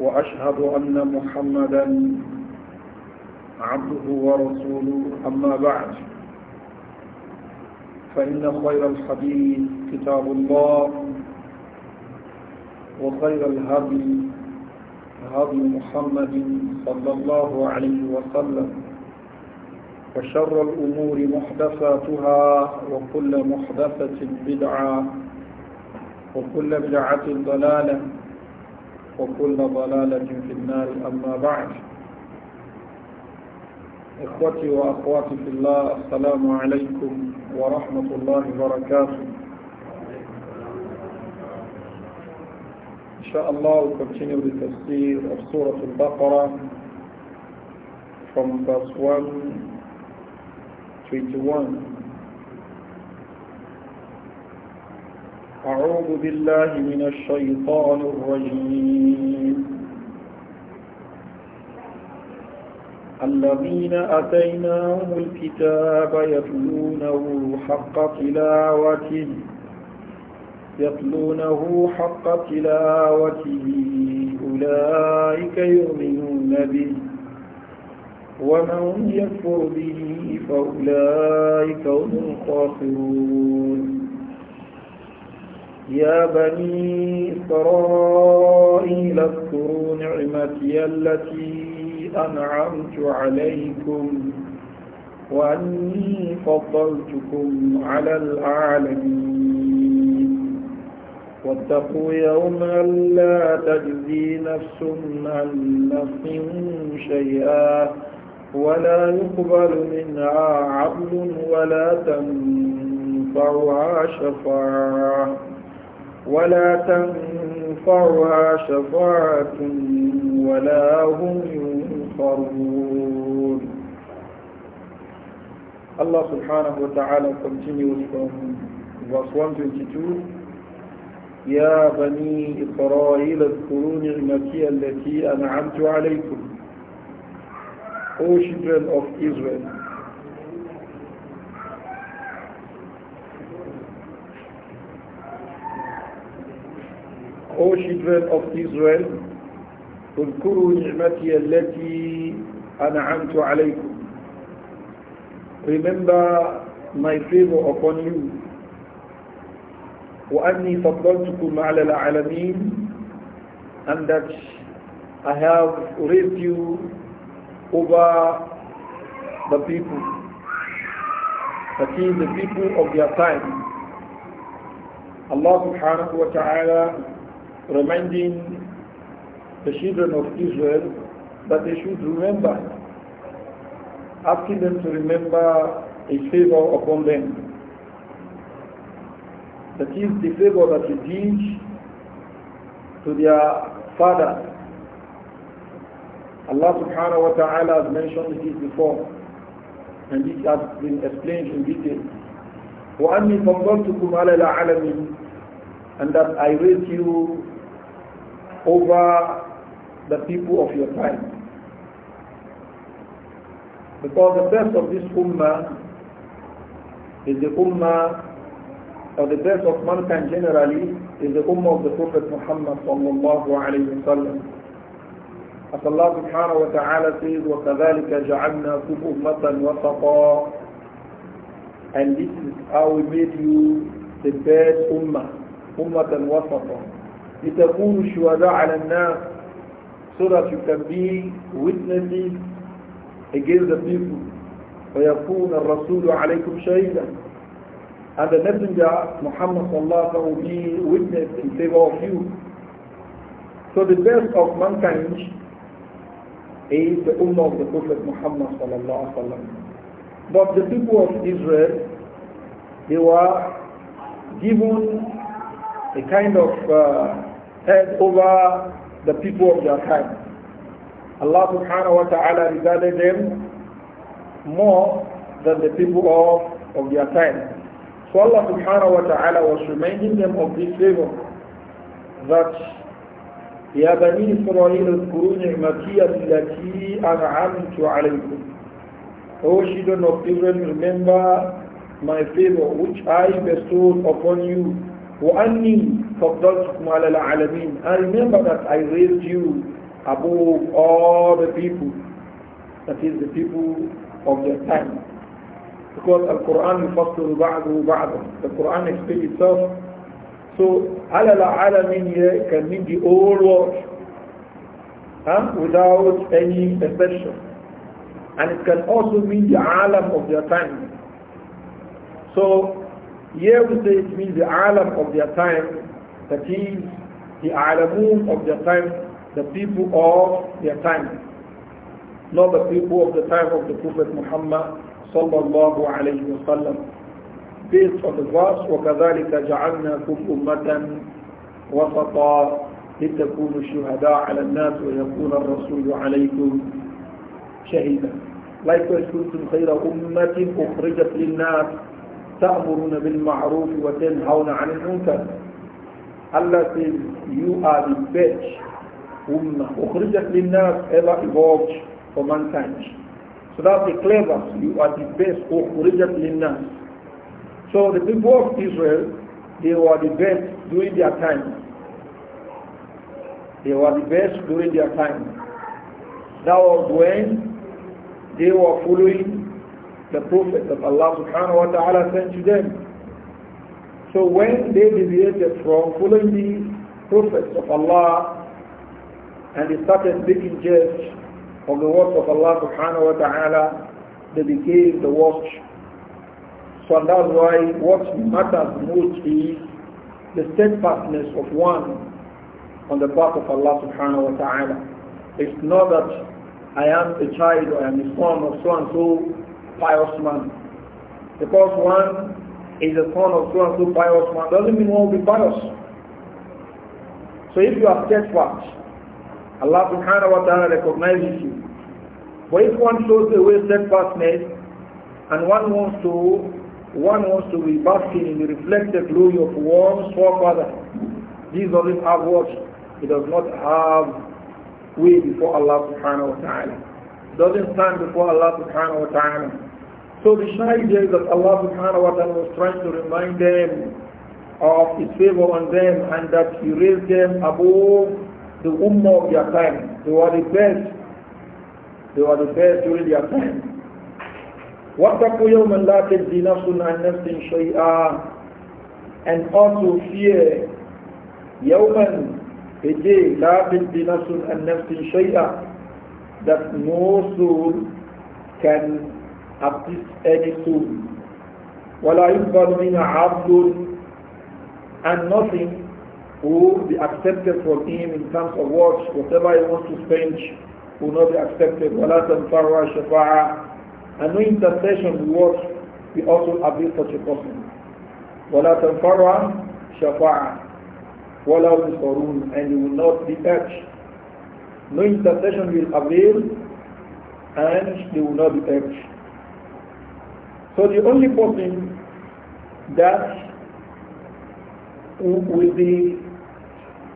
وأشهد أن محمدا عبده ورسوله أما بعد فإن خير الحديث كتاب الله وخير الهدي هدي محمد صلى الله عليه وسلم وشر الأمور محدثاتها وكل محدثة بدعة وكل بدعة ضلالة وكل ضلالة في النار أما بعد إخوتي وأخواتي في الله السلام عليكم ورحمة الله وبركاته إن شاء الله continue the tafsir of سورة البقرة from verse 1 to 121 أعوذ بالله من الشيطان الرجيم الذين أتيناهم الكتاب يتلونه حق تلاوته يتلونه حق تلاوته أولئك يؤمنون به ومن يكفر به فأولئك هم الخاسرون يا بني إسرائيل اذكروا نعمتي التي أنعمت عليكم وأني فضلتكم على العالمين واتقوا يوما لا تجزي نفس عن نفس شيئا ولا يقبل منها عبد ولا تنفعها شفاعه ولا تنفعها شفاعة ولا هم ينصرون Allah subhanahu wa ta'ala continues from verse 122 يا بني إسرائيل اذكروا نعمتي التي أنعمت عليكم O children of Israel O children of Israel, اذكروا نعمتي التي أنعمت عليكم. Remember my favor upon you. وأني فضلتكم على العالمين and that I have raised you over the people. That is the people of their time. Allah subhanahu wa ta'ala reminding the children of Israel that they should remember, asking them to remember a favor upon them. That is the favor that he did to their father. Allah subhanahu wa ta'ala has mentioned this before and this has been explained in detail. وَأَنِّي فَضَّلْتُكُمْ عَلَى الْعَالَمِينَ And that I raised you over the people of your time. Because the best of this ummah is the ummah, or the best of mankind generally, is the ummah of the Prophet Muhammad sallallahu alayhi wa sallam. As Allah subhanahu wa ta'ala says, وَكَذَلِكَ جَعَلْنَاكُمْ أُمَّةً وَسَطًا And this is how we made you the best ummah, ummah and wasata, لتكونوا شهداء على الناس so that you can be witnesses against the people ويكون الرسول عليكم شهيدا and the messenger Muhammad صلى الله عليه وسلم will be witness in favor of you so the best of mankind is the ummah of the Prophet Muhammad صلى الله عليه وسلم but the people of Israel they were given a kind of uh, head over the people of their time. Allah subhanahu wa ta'ala regarded them more than the people of, of their time. So Allah subhanahu wa ta'ala was reminding them of this favor that يا بني إسرائيل اذكروا نعمتي التي أنعمت عليكم O children of Israel, remember my favor which I bestowed upon you. وأني فضلتكم على العالمين I remember that I raised you above all the people that is the people of their time because القرآن يفصل بعضه بعضا the Quran explains itself so على العالمين here can mean the whole world huh? without any exception and it can also mean the alam of their time so here we say it means the alam of their time the kings, the Alamun of their time, the people of their time, not the people of the time of the Prophet Muhammad sallallahu alayhi wa sallam. Based on the verse, وَكَذَلِكَ جَعَلْنَاكُمْ أُمَّةً وَسَطًا لتكونوا شهداء على الناس ويكون الرسول عليكم شهيدا likewise كنتم خير أمة أخرجت للناس تأمرون بالمعروف وتنهون عن المنكر Allah says, you are the best ummah. Ukhrijat linnas ever evolved for mankind. So that's the clever. You are the best ukhrijat linnas. So the people of Israel, they were the best during their time. They were the best during their time. That was when they were following the Prophet that Allah subhanahu wa ta'ala sent to them. So when they deviated from following the prophets of Allah and they started making jest of the words of Allah subhanahu wa ta'ala, they became the watch. So that's why what matters most is the steadfastness of one on the path of Allah subhanahu wa ta'ala. It's not that I am a child or I am a son of so and so pious man. Because one is a son of so and so pious man doesn't mean one will be pious. So if you are steadfast, Allah subhanahu wa ta'ala recognizes you. But if one shows the way steadfastness and one wants to one wants to be basking in the reflected glory of one's forefather, this doesn't have what? It does not have way before Allah subhanahu wa ta'ala. It doesn't stand before Allah subhanahu wa ta'ala. So the shahidahs that Allah subhanahu wa ta'ala was trying to remind them of his favor on them and that he raised them above the ummah of their time. They were the best. They were the best during their time. وَاتَّقُوا يَوْمًا لَا تَجْزِي نَفْسٌ عَنْ نَفْسٍ شَيْئًا And also fear يَوْمًا a day لَا تَجْزِي نَفْسٌ عَنْ نَفْسٍ شَيْئًا That no soul can appease any soul. وَلَا يُقْبَلْ مِنْهَا And nothing will be accepted from him in terms of what, whatever he wants to spend will not be accepted. وَلَا تَنْفَعُهَا shafa'a, And no intercession will what, we also avail such a person. وَلَا تَنْفَعُهَا shafa'a, وَلَا يُنْصَرُونَ And he will not be touched. No intercession will avail and he will not be touched. So the only person that will be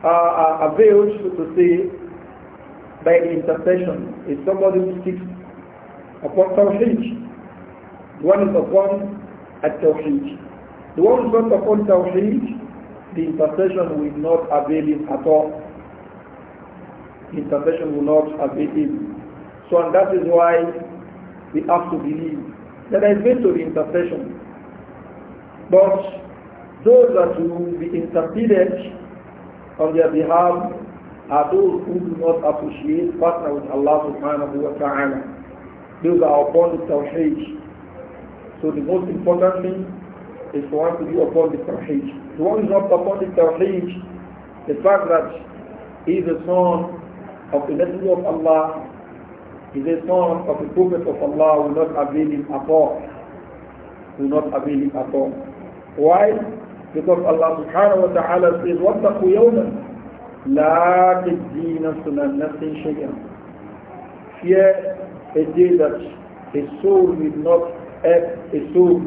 uh, uh, availed, so to say, by the intercession is somebody who seeks upon Tawheed. The one is upon at Tawheed. The one who is not upon Tawheed, the intercession will not avail him at all. The intercession will not avail him. So and that is why we have to believe that is going to be intercession. But those that will be interceded on their behalf are those who do not appreciate partner with Allah subhanahu wa ta'ala. Those are upon the Tawheed. So the most important thing is for one to be upon the Tawheed. The one who is not upon the Tawheed, the fact that he is a son of the Messenger of Allah is a son of the Prophet of Allah will not avail him at all. Will not avail him at all. Why? Because Allah subhanahu wa ta'ala says, What the لَا تَجْزِي نَفْسٌ عَنْ نَفْسٍ شَيْئًا Fear a day that a soul will not act, a soul,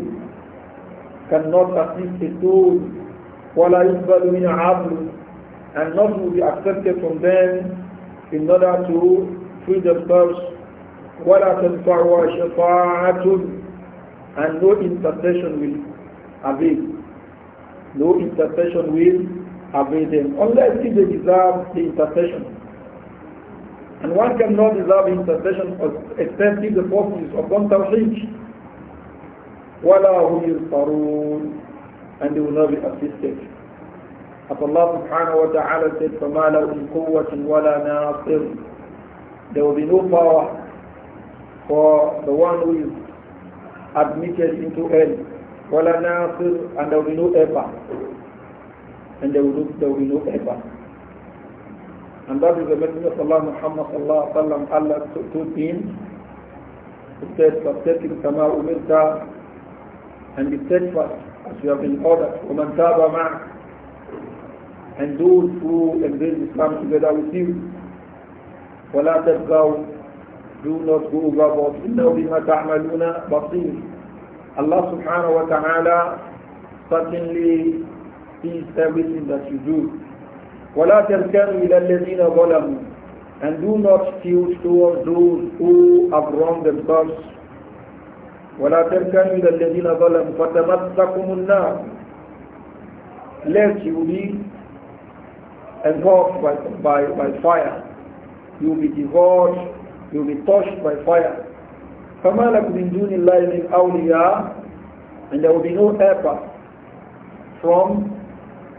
cannot assist a soul, وَلَا يُقْبَلُ مِنْ عَبْدٍ And not will be accepted from them in order to free themselves ولا تنفعها شفاعة and no intercession will avail no intercession will avail them unless if they deserve the intercession and one cannot deserve intercession except if the person is upon tawheed ولا هم ينصرون and they will not be assisted as Allah subhanahu wa ta'ala said فما له قوة ولا ناصر there will be no power for the one who is admitted into hell. Wala nasir, and there will be no helper. And there will, there will be no helper. And that is the message of Allah Muhammad sallallahu alaihi wasallam Allah to him, he said, فَاسْتَكِمْ كَمَا أُمِرْتَ And be steadfast as you have been ordered. وَمَنْ تَابَ And those who embrace Islam together with you, ولا تبقوا do not go about إلا بما تعملون بصير الله سبحانه وتعالى certainly sees everything that you do ولا تركنوا إلى الذين ظلموا and do not tilt towards those who have wronged themselves ولا تركنوا إلى الذين ظلموا فتمسكم النار lest you be engulfed by, by, by fire you will be devoured, you will be touched by fire. فَمَا لَكُمْ مِنْ دُونِ اللَّهِ مِنْ أَوْلِيَاءَ And there will be no helper from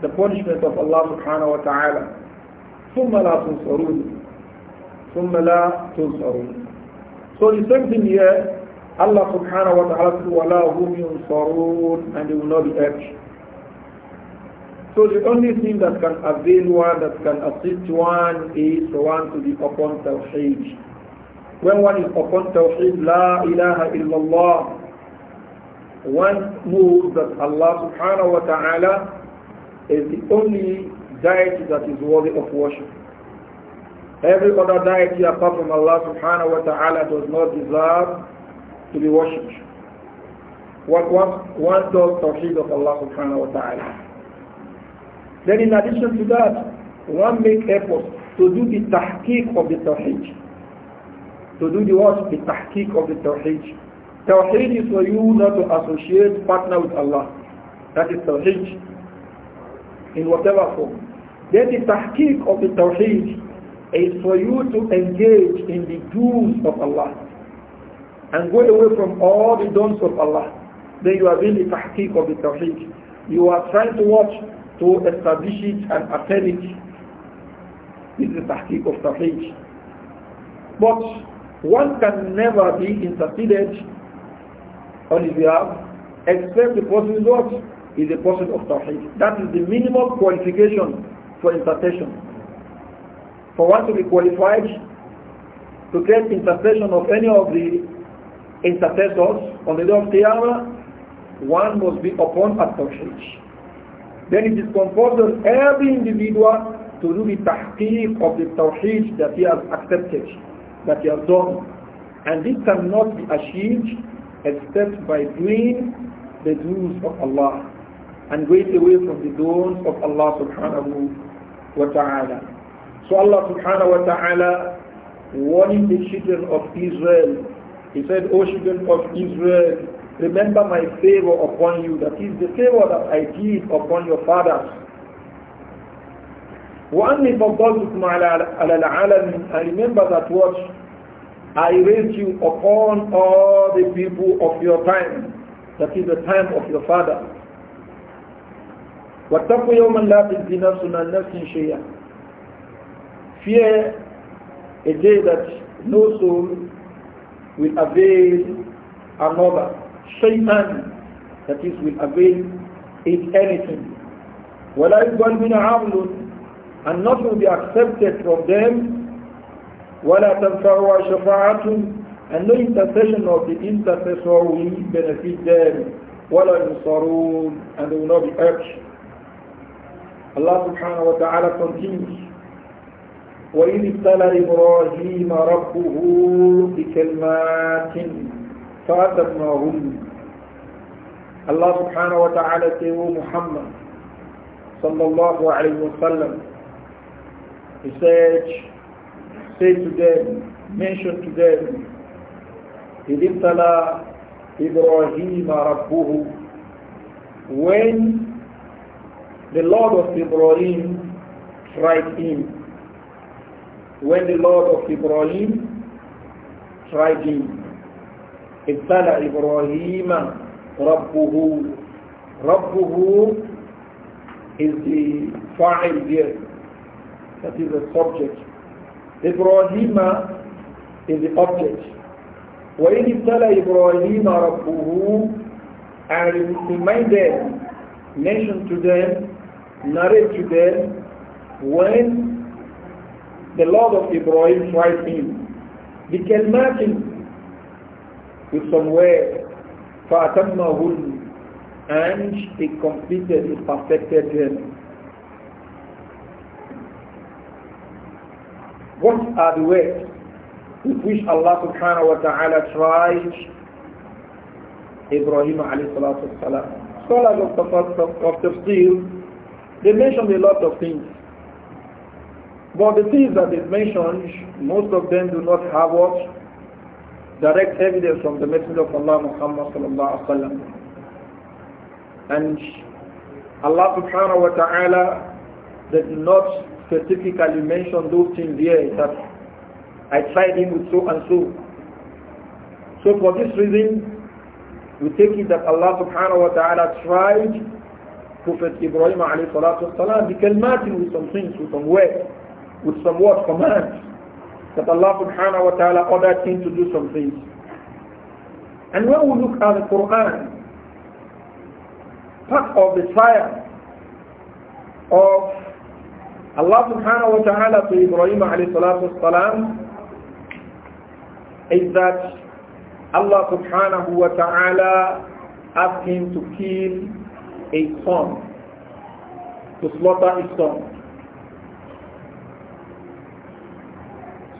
the punishment of Allah subhanahu wa ta'ala. ثُمَّ لَا تُنْصَرُونَ ثُمَّ لَا تُنْصَرُونَ So the same thing here, Allah subhanahu wa ta'ala says, وَلَا هُمْ يُنْصَرُونَ And they will not be helped. So the only thing that can avail one, that can assist one, is one to be upon Tawheed. When one is upon Tawheed, La ilaha illallah, one knows that Allah subhanahu wa ta'ala is the only deity that is worthy of worship. Every other deity apart from Allah subhanahu wa ta'ala does not deserve to be worshipped. What what what does Tawheed of Allah subhanahu wa ta'ala. Then in addition to that, one make effort to do the tahqiq of the tawheed. To do the what? The tahqiq of the tawheed. Tawheed is for you not to associate, partner with Allah. That is tawheed. In whatever form. Then the tahqiq of the tawheed is for you to engage in the do's of Allah. And go away from all the don'ts of Allah. Then you are doing the tahqiq of the tawheed. You are trying to watch to establish it and affirm it. This is the tahqiq of tawheed. But one can never be interceded on his behalf except the person is what? Is a person of tawheed. That is the minimum qualification for intercession. For one to be qualified to get intercession of any of the intercessors on the day of Qiyamah, one must be upon a then it is compulsory on every individual to do the tahqeeq of the tawheed that he has accepted, that he has done. And this cannot be achieved except by doing the rules of Allah and going away from the doors of Allah subhanahu wa ta'ala. So Allah subhanahu wa ta'ala warning the children of Israel. He said, O children of Israel, remember my favor upon you. That is the favor that I did upon your fathers. وَأَنِّي فَضَّلْتُكُمْ عَلَى الْعَالَمِينَ I remember that what? I raised you upon all the people of your time. That is the time of your father. وَاتَّقُوا يَوْمًا لَا تَجْزِي نَفْسٌ عَنْ نَفْسٍ شَيْئًا Fear a day that no soul will avail another shay'an that is will avail it anything ولا يقبل من عمل and not will be accepted from them ولا تنفعها شفاعة and no intercession of the intercessor will benefit them ولا ينصرون and they will not be helped Allah subhanahu wa ta'ala continues وإذ ابتلى إبراهيم ربه بكلمات فأثبناهم الله سبحانه وتعالى سيو محمد صلى الله عليه وسلم He said, say to them, mention to them, إذ ابتلى إبراهيم ربه when the Lord of Ibrahim tried him when the Lord of Ibrahim tried him ابتلى إبراهيم ربه ربه is the fa'il that is the subject إبراهيم is the object وإن ابتلى إبراهيم ربه and remind them mention to them narrate to them when the Lord of Ibrahim tried him بكلمات with some words. فَأَتَمَّهُ and he completed, he perfected them. What are the ways with which Allah subhanahu wa ta'ala tried Ibrahim alayhi salatu salam? Scholars of, of, the Tafsir, they mentioned a lot of things. But the things that they mentioned, most of them do not have what direct evidence from the Messenger of Allah Muhammad sallallahu alaihi wasallam. And Allah subhanahu wa ta'ala did not specifically mention those things here that I tried him with so and so. So for this reason, we take it that Allah subhanahu wa ta'ala tried Prophet Ibrahim alayhi salatu wasalam with some things, with some words, with some word commands that Allah subhanahu wa ta'ala ordered him to do some things. And when we look at the Quran, part of the fire of Allah subhanahu wa ta'ala to Ibrahim alayhi salatu salam is that Allah subhanahu wa ta'ala asked him to kill a son, to slaughter a son.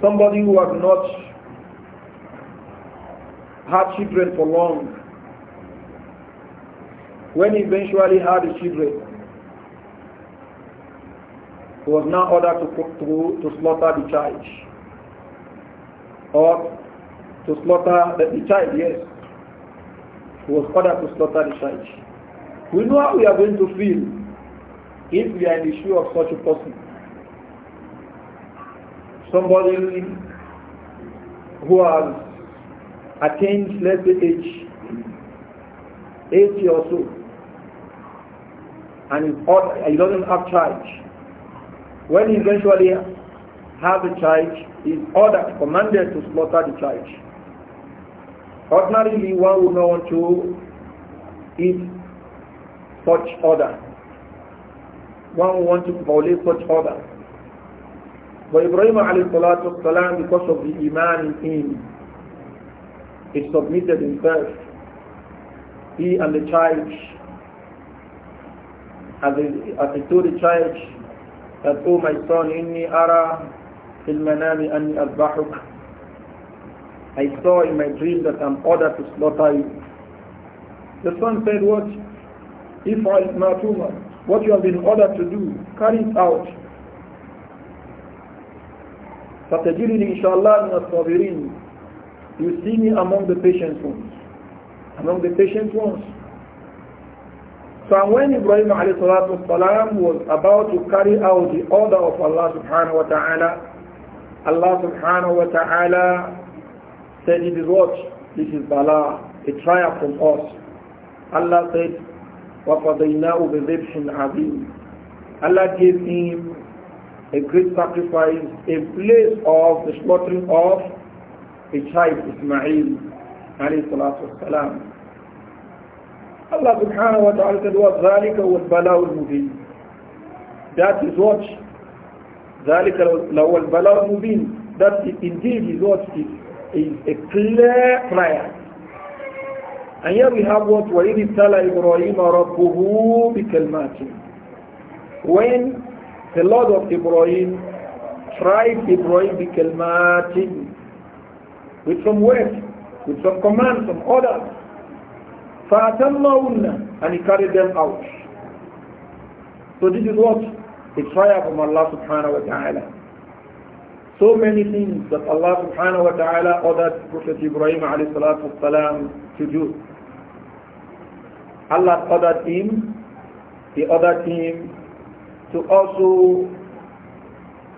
Somebody who has not had children for long, when eventually had children, he was now ordered to, to, to slaughter the child. Or to slaughter the, the child, yes. He was ordered to slaughter the child. We know how we are going to feel if we are in the shoe of such a person somebody who has attained, let's say, age 80 or so, and he doesn't have child. When he eventually has a child, he is ordered, commanded to slaughter the child. Ordinarily, one would not want to eat such order. One would want to violate such order. But Ibrahim والسلام, because of the Iman in him, he submitted himself, he and the child, as he, as he told the child, that, oh my son, inni ara fil manami anni adbahuk. I saw in my dream that I'm ordered to slaughter you. The son said, what? If I is not human, what you have been ordered to do, carry it out. فتجدني إن شاء الله من الصابرين You see me among the patient ones. Among the patient ones. So when Ibrahim alayhi salatu was about to carry out the order of Allah subhanahu wa ta'ala, Allah subhanahu wa ta'ala said it is what? This is Bala, a trial from us. Allah said, وَقَضَيْنَاهُ بِذِبْحٍ عَظِيمٍ Allah gave him a great sacrifice in place of the slaughtering of a child Ismail Allah subhanahu wa ta'ala said, وَذَلِكَ وَالْبَلَاءُ الْمُبِينُ That is what? ذَلِكَ وَالْبَلَاءُ الْمُبِينُ That indeed is what is, is a clear prayer. And here we have what وَإِذِ ابْتَلَى إِبْرَاهِيمَ رَبُّهُ بِكَلْمَاتٍ When the Lord of Ibrahim tried Ibrahim بكلمات with some words, with some commands some orders. فَأَتَمَّهُنَّ And he carried them out. So this is what? A trial from Allah subhanahu wa ta'ala. So many things that Allah subhanahu wa ta'ala ordered Prophet Ibrahim alayhi salatu salam to do. Allah ordered him, he ordered him to also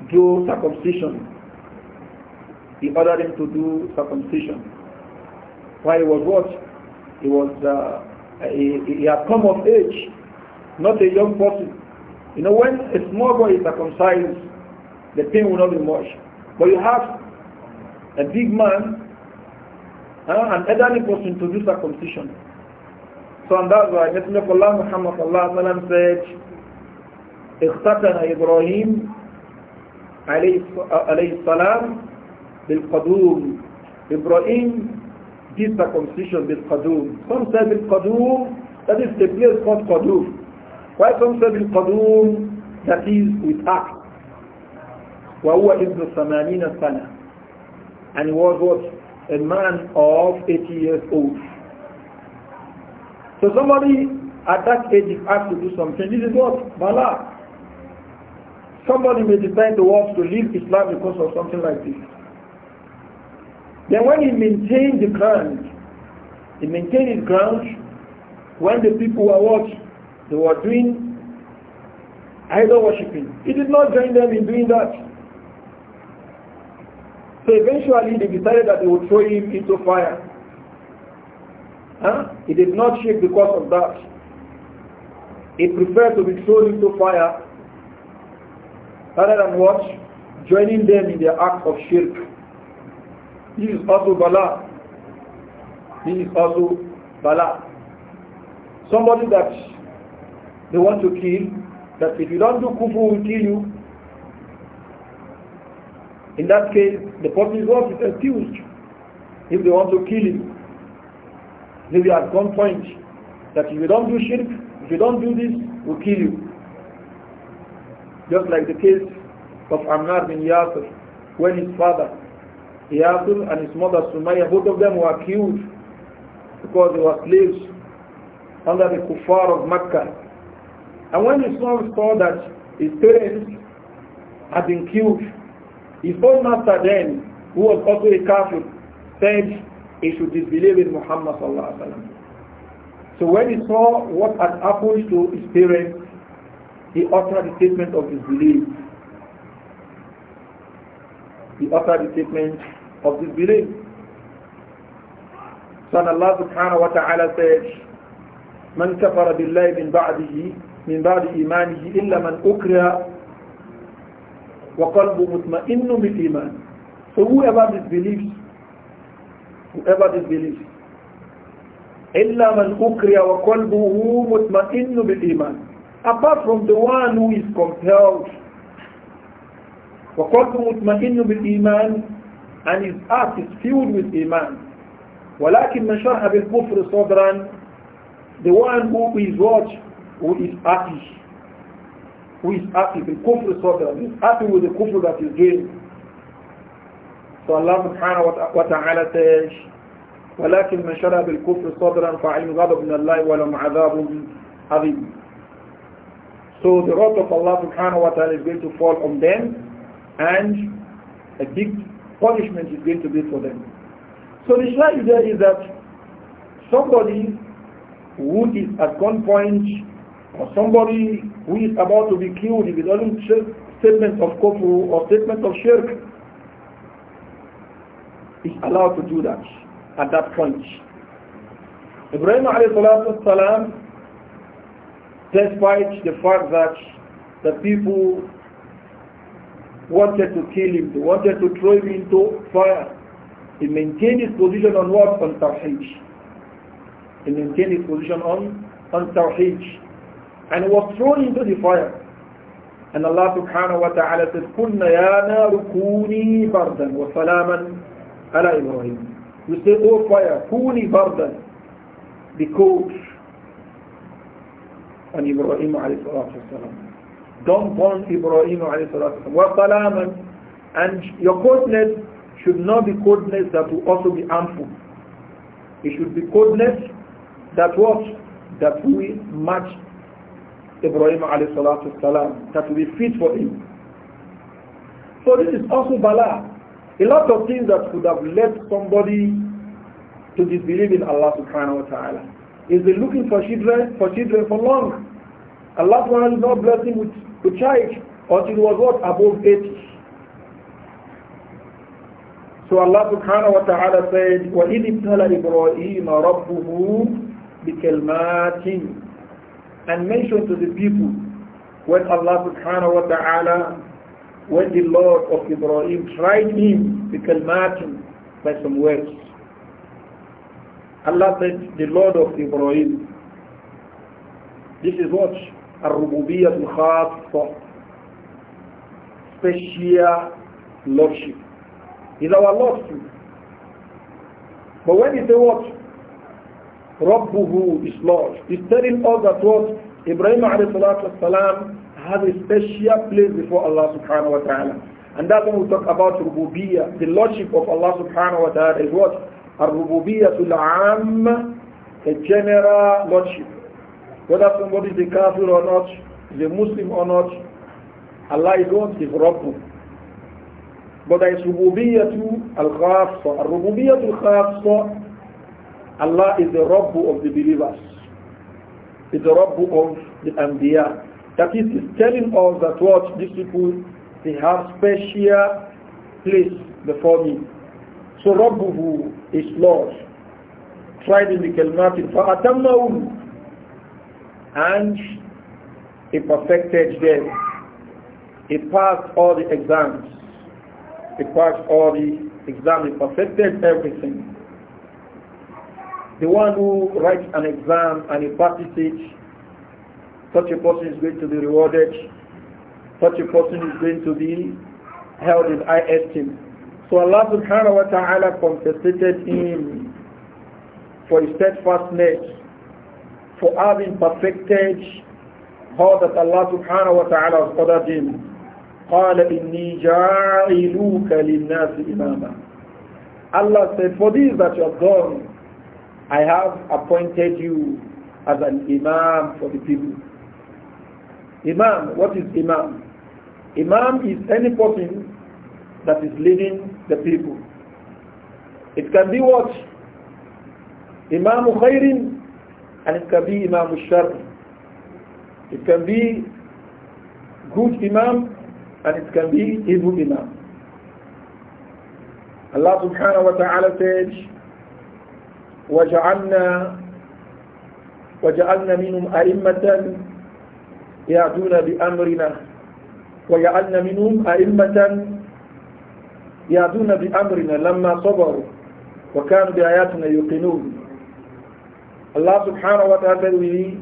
do circumcision. He ordered him to do circumcision. Why he was what? He was uh, he, he had come of age, not a young person. You know, when a small boy is circumcised, the pain will not be much. But you have a big man, uh, an elderly person to do circumcision. So and that's why Messenger of Allah Muhammad said, اختتن إبراهيم عليه السلام بالقدوم إبراهيم did circumcision بالقدوم some say بالقدوم that is the place called قدوم why some say بالقدوم that is with axe وهو ابن ثمانين سنة and he was what a man of 80 years old so somebody at that age has asked to do something this is what Bala Somebody may decide to walk to leave Islam because of something like this. Then when he maintained the ground, he maintained his ground when the people were what? They were doing idol worshipping. He did not join them in doing that. So eventually they decided that they would throw him into fire. Huh? He did not shake because of that. He preferred to be thrown into fire other than what? Joining them in the act of shirk. This is also bala. This is also bala. Somebody that they want to kill, that if you don't do kufu, will kill you. In that case, the person is what is accused. If they want to kill him, maybe at some point, that if you don't do shirk, if you don't do this, we'll kill you. Just like the case of Amr bin Yasir, when his father Yasir and his mother Sumaya, both of them were killed because they were slaves under the kuffar of Makkah. And when his son saw that his parents had been killed, his own master then, who was also a kafir, said he should disbelieve in Muhammad So when he saw what had happened to his parents, he uttered the statement of his belief. He uttered the statement of his belief. So Allah subhanahu wa ta'ala من كفر بالله من بعده من بعد إيمانه إلا من أكره وقلبه مطمئن بالإيمان So whoever disbelieves, whoever disbelieves, إلا من أكره وقلبه مطمئن بالإيمان apart from the one who is compelled. وَقَلْبُ مُطْمَئِنُّ بِالْإِيمَانِ And his heart is filled with iman. وَلَكِنْ مَنْ شَرْحَ بِالْكُفْرِ صَدْرًا The one who is what? Who is happy. Who is happy. The kufr صدرًا. is happy with the kufr that is doing. So Allah subhanahu wa ta'ala says, وَلَكِنْ مَنْ شَرْحَ بِالْكُفْرِ صَدْرًا فَعَلِمْ غَضَبْ مِنَ اللَّهِ وَلَمْ عَذَابٌ عَظِيمٌ so the wrath of Allah subhanahu wa ta'ala is going to fall on them and a big punishment is going to be for them. So the shahid is that somebody who is at gunpoint or somebody who is about to be killed if it doesn't statement of kufru or statement of shirk is allowed to do that at that point. Ibrahim alayhi salatu despite the fact that the people wanted to kill him, they wanted to throw him into fire. He maintained his position on what? On Tawheed. He maintained his position on, on Tawheed. And was thrown into the fire. And Allah subhanahu wa ta'ala said, كُنَّ يَا نَارُ كُونِي بَرْدًا وَسَلَامًا عَلَى إِبْرَاهِيمَ You say, oh fire, كُونِي بَرْدًا Be cold on Ibrahim والسلام. Don't burn Ibrahim والسلام. And your coldness should not be coldness that will also be harmful. It should be coldness that what? That we match Ibrahim والسلام, that will be fit for him. So this is also bala. A lot of things that could have led somebody to disbelieve in Allah subhanahu wa ta'ala he they looking for children for children for long. Allah Ta'ala is not blessing with, with child until he was what? Above 80. So Allah subhanahu wa ta'ala said, وَإِذِ ابْتَلَى إِبْرَاهِيمَ رَبُّهُ بِكَلْمَاتٍ And mention to the people when Allah subhanahu wa ta'ala, when the Lord of Ibrahim tried him بِكَلْمَاتٍ by some words. Allah said, the Lord of Ibrahim. This is what? Ar-Rububiyyah al for. Special Lordship. Is our Lordship. But when he say what? Rabbuhu is Lord. He's telling us that what? Ibrahim salam has a special place before Allah subhanahu wa ta'ala. And that's when we talk about Rububiyyah. The Lordship of Allah subhanahu wa ta'ala is what? Ar-Rububiyatul Am, a general lordship. Whether somebody is a Kafir or not, is a Muslim or not, Allah is one, is Rabbu. But there is Rububiyatul Al-Khafsa. ar al Khafsa, Allah is the Rabbu of the believers. Is the Rabbu of the Anbiya. That is, telling us that what these people, they have special place before me. So Rabbuhu is Lord. Tried in the For fa'atamnahum. And he perfected them. He passed all the exams. He passed all the exams. He perfected everything. The one who writes an exam and he passes it, such a person is going to be rewarded. Such a person is going to be held in high esteem. So Allah subhanahu wa ta'ala compensated him for his steadfastness, for having perfected all that Allah subhanahu wa ta'ala has ordered him. قال إني جاعلوك للناس إماما Allah said, for this that you have done, I have appointed you as an imam for the people. Imam, what is imam? Imam is any person that is leading the people. It can be what? Imam Khairin and it can be Imam Shar. It can be good Imam and it can be evil Imam. Allah subhanahu wa ta'ala says, وَجَعَلْنَا وَجَعَلْنَا مِنْهُمْ أَئِمَّةً يَعْدُونَ بِأَمْرِنَا وَجَعَلْنَا مِنْهُمْ أَئِمَّةً يهدون بأمرنا لما صبروا وكانوا بآياتنا يقنون. Allah subhanahu wa ta'ala we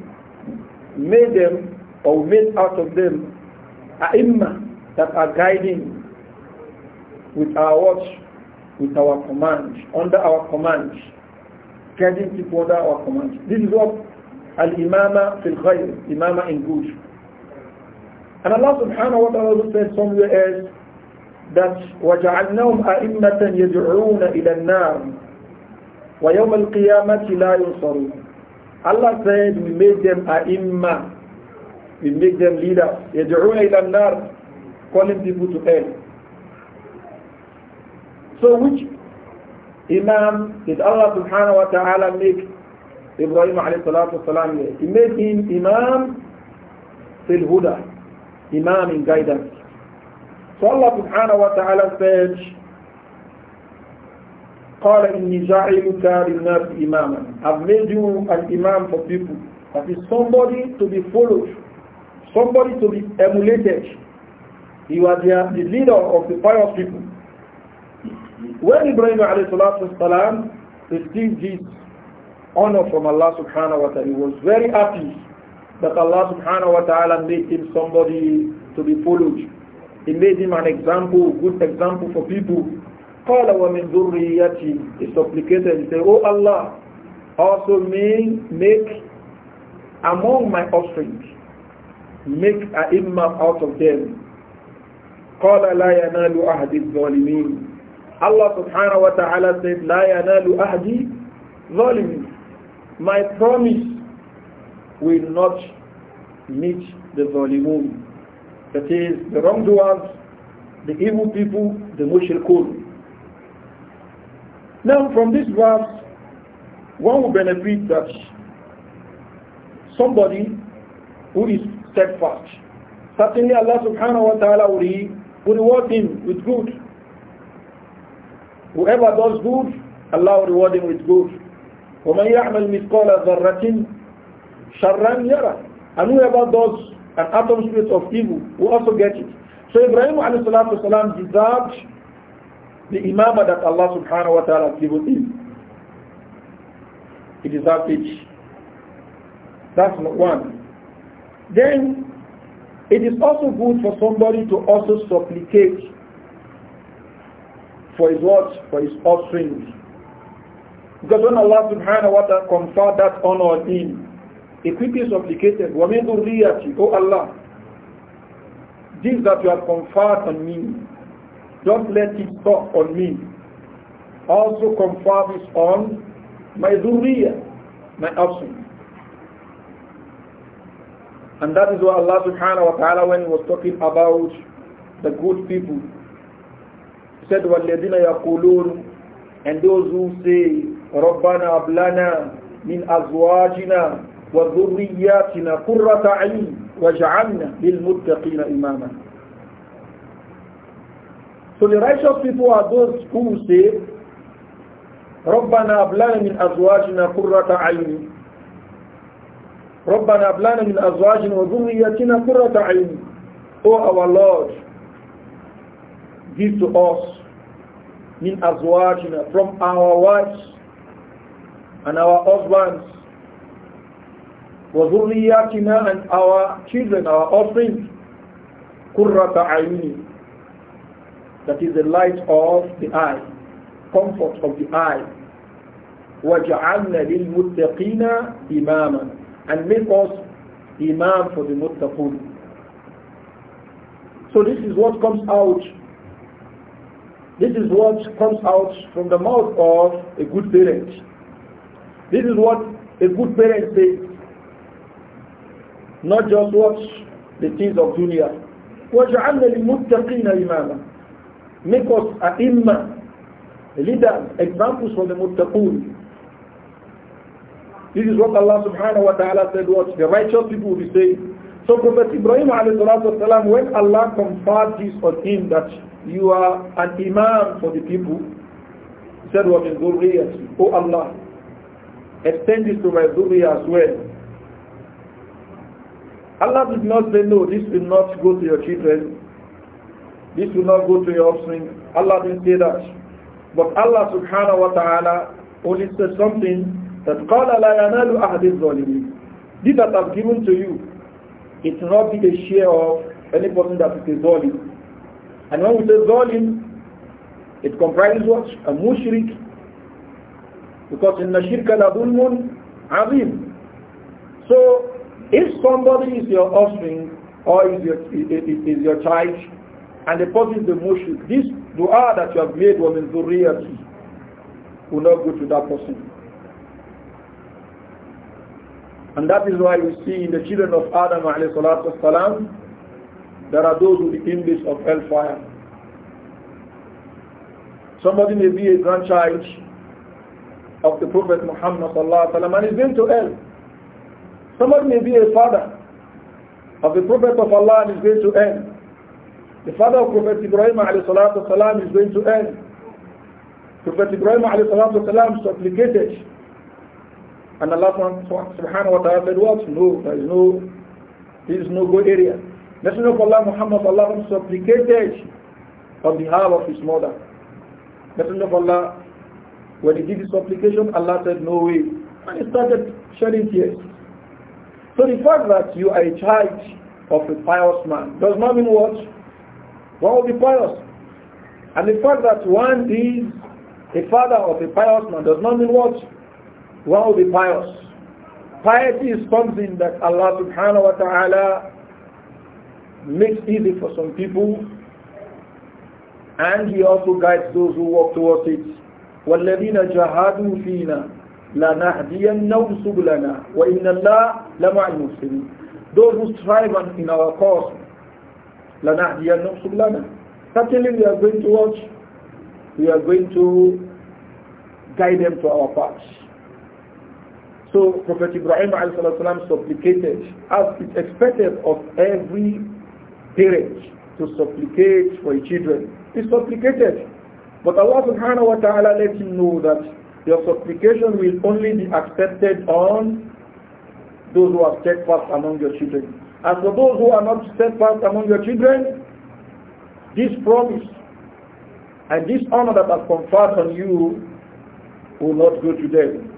made them or made out of them ai that are guiding with our watch, with our command, under our command, guiding people under our command. This is what al-imama fil khair, imama in good. And Allah subhanahu wa ta'ala said somewhere else, that أَئِمَّةً يَدْعُونَ إِلَى النَّارِ وَيَوْمَ الْقِيَامَةِ لَا يُنصَرُونَ Allah said, we made them أئمة We made them leaders. يَدْعُونَ إِلَى النَّارِ Calling people to hell. So which Imam did Allah subhanahu wa ta'ala make Ibrahim alayhi salatu wasalam? He made him Imam fil huda, Imam in guidance. So Allah subhanahu wa ta'ala said, قال إني جاعلك للناس إماما I've made you an imam for people. That is somebody to be followed, somebody to be emulated. You are the, the leader of the pious people. When Ibrahim alayhi salatu salam received this honor from Allah subhanahu wa ta'ala, he was very happy that Allah subhanahu wa ta'ala made him somebody to be followed. He made him an example, good example for people. قَالَ وَمِنْ ذُرِّيَّتِي He supplicated, he said, Oh Allah, also may make among my offspring, make a imam out of them. قَالَ لَا يَنَالُ أَهْدِ الظَّالِمِينَ Allah subhanahu wa ta'ala said, لَا يَنَالُ أَهْدِ ظَالِمِينَ My promise will not meet the volume. That is, the wrongdoers, the evil people, the mushrikun. Now, from this verse, one will benefit that somebody who is steadfast. Certainly Allah subhanahu wa ta'ala will, reward him with good. Whoever does good, Allah will reward him with good. وَمَنْ يَعْمَلْ مِثْقَالَ ذَرَّةٍ شَرًّا يَرَى And whoever does an atom spirit of evil will also get it. So Ibrahim والسلام, deserved the imamah that Allah subhanahu wa ta'ala has given him. He deserved it. That's one. Then it is also good for somebody to also supplicate for his what? For his offspring. Because when Allah subhanahu wa ta'ala conferred that honor on him, the quickly supplicated, وَمِنْ ذُرِّيَّتِي oh Allah, this that you have conferred on me, don't let it stop on me. Also confer this on my dhurriya, my offspring. And that is what Allah subhanahu wa ta'ala when he was talking about the good people, said وَالَّذِينَ يَقُولُونَ and those who say رَبَّنَا أَبْلَنَا مِنْ أَزْوَاجِنَا وذرياتنا قرة عين واجعلنا للمتقين إماما So the righteous people are those who say ربنا هب من أزواجنا قرة عين ربنا هب من أزواجنا وذرياتنا قرة عين Oh our Lord give to us من أزواجنا from our wives and our husbands وذرياتنا and our children, our offspring. قرة عيوني that is the light of the eye, comfort of the eye. وَجَعَلْنَا لِلْمُتَّقِينَ إِمَامًا And make us imam for the muttaqun. So this is what comes out. This is what comes out from the mouth of a good parent. This is what a good parent says not just watch the things of dunya. وَجَعَلْنَا لِلْمُتَّقِينَ إِمَامًا Make us ai am leader, examples for the muttaqun. This is what Allah subhanahu wa ta'ala said what the righteous people will be saying. So Prophet Ibrahim Salam, when Allah conferred this on him that you are an imam for the people, he said, وَمِنْ ذُرِّيَّةِ Oh Allah, extend this to my dhurriya as well. Allah did not say, no, this will not go to your children. This will not go to your offspring. Allah didn't say that. But Allah subhanahu wa ta'ala only said something that قَالَ لَا يَنَالُ أَحْدِ الظَّالِمِينَ This that I've given to you, it will not be the share of any person that is a zalim. And when we say zalim, it comprises what? A mushrik. Because in shirka la dhulmun azim. So if somebody is your offspring or is your, is, is your child and the person is the mushrik, this dua that you have made was in Zuriyati will not go to that person. And that is why we see in the children of Adam والسلام, there are those who became this of hellfire. Somebody may be a grandchild of the Prophet Muhammad وسلم, and is going to hell. Somebody may be a father of the Prophet of Allah and is going to end. The father of Prophet Ibrahim والسلام, is going to end. Prophet Ibrahim والسلام, supplicated. And Allah subhanahu wa ta'ala said, what? No, there is no, there is no good area. Messenger of Allah Muhammad sallallahu supplicated on behalf of his mother. Messenger of Allah, when he did his supplication, Allah said, no way. And he started shedding tears. So the fact that you are a child of a pious man does not mean what? One will be pious. And the fact that one is a father of a pious man does not mean what? One will be pious. Piety is something that Allah subhanahu wa ta'ala makes easy for some people and He also guides those who walk towards it. وَالَّذِينَ جَهَادُوا فِينَا لَنَهْدِيَنَّهُمْ سُبُلَنَا وَإِنَّ اللَّهَ لَمَعَ Those who strive in our cause, لَنَهْدِيَنَّهُمْ سُبُلَنَا Certainly we are going to watch, we are going to guide them to our path. So Prophet Ibrahim salam supplicated, as it's expected of every parent to supplicate for his children. He supplicated. But Allah subhanahu wa ta'ala let him know that your supplication will only be accepted on those who are steadfast among your children. As for those who are not steadfast among your children, this promise and this honor that has conferred on you will not go to them.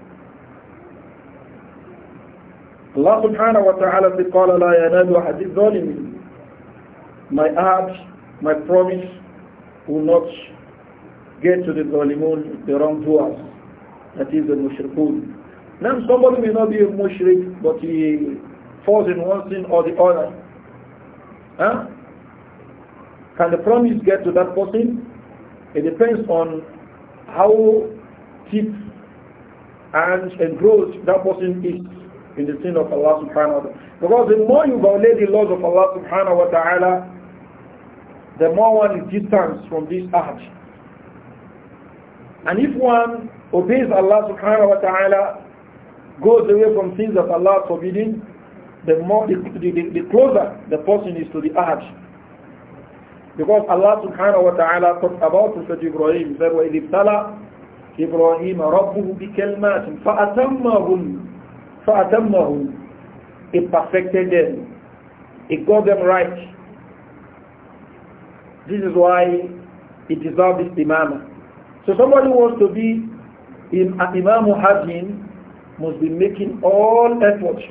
Allah subhanahu wa ta'ala said, My heart, my promise will not get to the Zalimun, the wrongdoers that is the mushrikun. Now somebody may not be a mushrik, but he falls in one sin or the other. Huh? Can the promise get to that person? It depends on how deep and engrossed that person is in the sin of Allah subhanahu wa ta'ala. Because the more you violate the laws of Allah subhanahu wa ta'ala, the more one is distanced from this act. And if one obeys Allah subhanahu wa ta'ala, goes away from things that Allah forbidding. the more the, the, the, closer the person is to the Ahad. Because Allah subhanahu wa ta'ala talked about Prophet Ibrahim, he said, وَإِذِ Ibrahim, إِبْرَاهِيمَ رَبُّهُ بِكَلْمَاتٍ فَأَتَمَّهُمْ فَأَتَمَّهُمْ It perfected them. It got them right. This is why it deserves this imam. So somebody wants to be Im, uh, Imam Hajjin must be making all efforts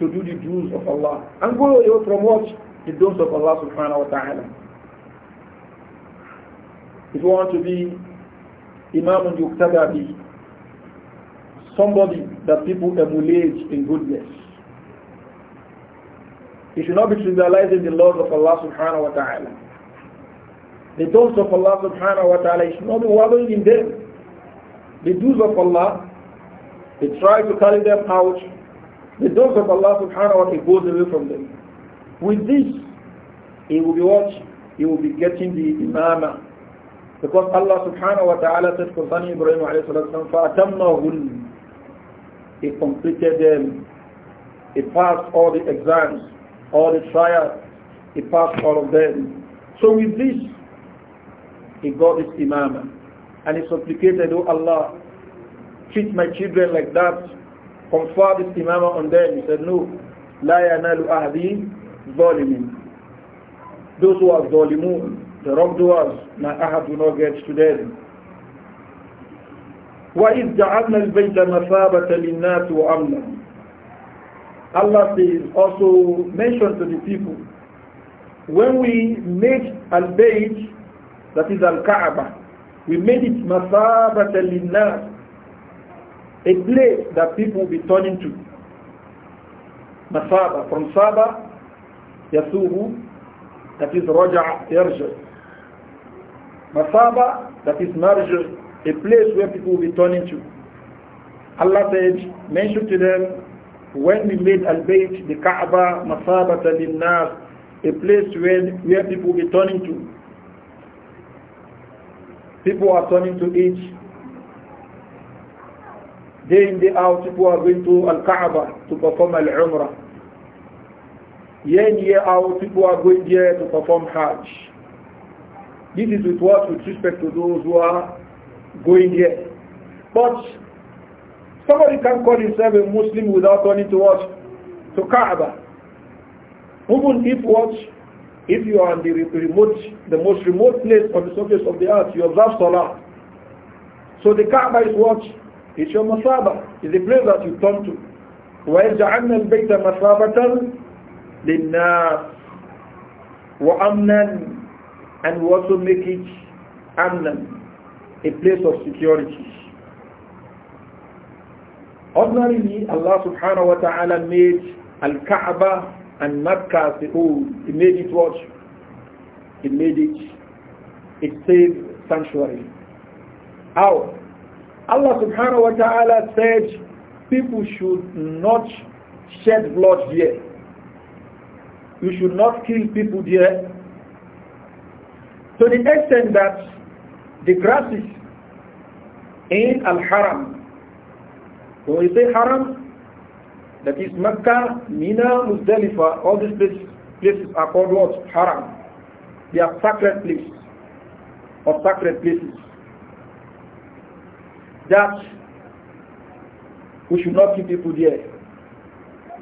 to do the dues of Allah and go away from what? The dues of Allah subhanahu wa ta'ala. If you want to be Imam Yuktaba bi, somebody that people emulate in goodness, you should not be trivializing the laws of Allah subhanahu wa ta'ala. The dues of Allah subhanahu wa ta'ala, you should not be wallowing in them the dues of Allah, they try to carry them out. The dues of Allah subhanahu wa ta'ala goes away from them. With this, he will be what? He will be getting the imama. Because Allah subhanahu wa ta'ala said concerning Ibrahim alayhi salatu فَأَتَمَّهُنْ He completed them. He passed all the exams, all the trials. He passed all of them. So with this, he got his imama and he supplicated, Oh Allah, treat my children like that. Confer this imam on them. He said, No, La yanalu ahdi zalimin. Those who are zalimun, the wrongdoers, my ahad do not get to them. وَإِذْ جَعَلْنَا الْبَيْتَ مَثَابَةً لِلنَّاسِ وَأَمْنًا Allah says, also mentioned to the people, when we made Al-Bayt, that is Al-Kaaba, we made it masabatan linnas, a place that people will be turning to. Masaba, from Saba, Yasubu, that is Raja, Yarja. Masaba, that is Marja, a place where people will be turning to. Allah said, mention to them, when we made Al-Bayt, the Kaaba, Masaba Linnas, a place where, where people will be turning to. People are turning to each Day in, day out, people are going to Al-Kaaba to perform Al-Umrah. Year in, year out, people are going there to perform Hajj. This is with what with respect to those who are going there. But somebody can call himself a Muslim without turning to what? To Kaaba. Even if what? If you are in the remote, the most remote place on the surface of the earth, you observe Salah. So the Kaaba is what? It's your masaba. It's the place that you turn to. وَيَجْعَلْنَا الْبَيْتَ مَثَابَةً لِلنَّاسِ وَأَمْنًا And we also make it amnan, a place of security. Ordinarily, Allah subhanahu wa ta'ala made Al-Kaaba and Makkah as a whole, it made it what? It made it its safe sanctuary. How? Allah subhanahu wa ta'ala said people should not shed blood here. You should not kill people there. To the extent that the grasses in Al-Haram, when we say Haram, that is Mecca, Mina, Muzdalifah, all these places, places are called what? Haram. They are sacred places or sacred places that we should not keep people there.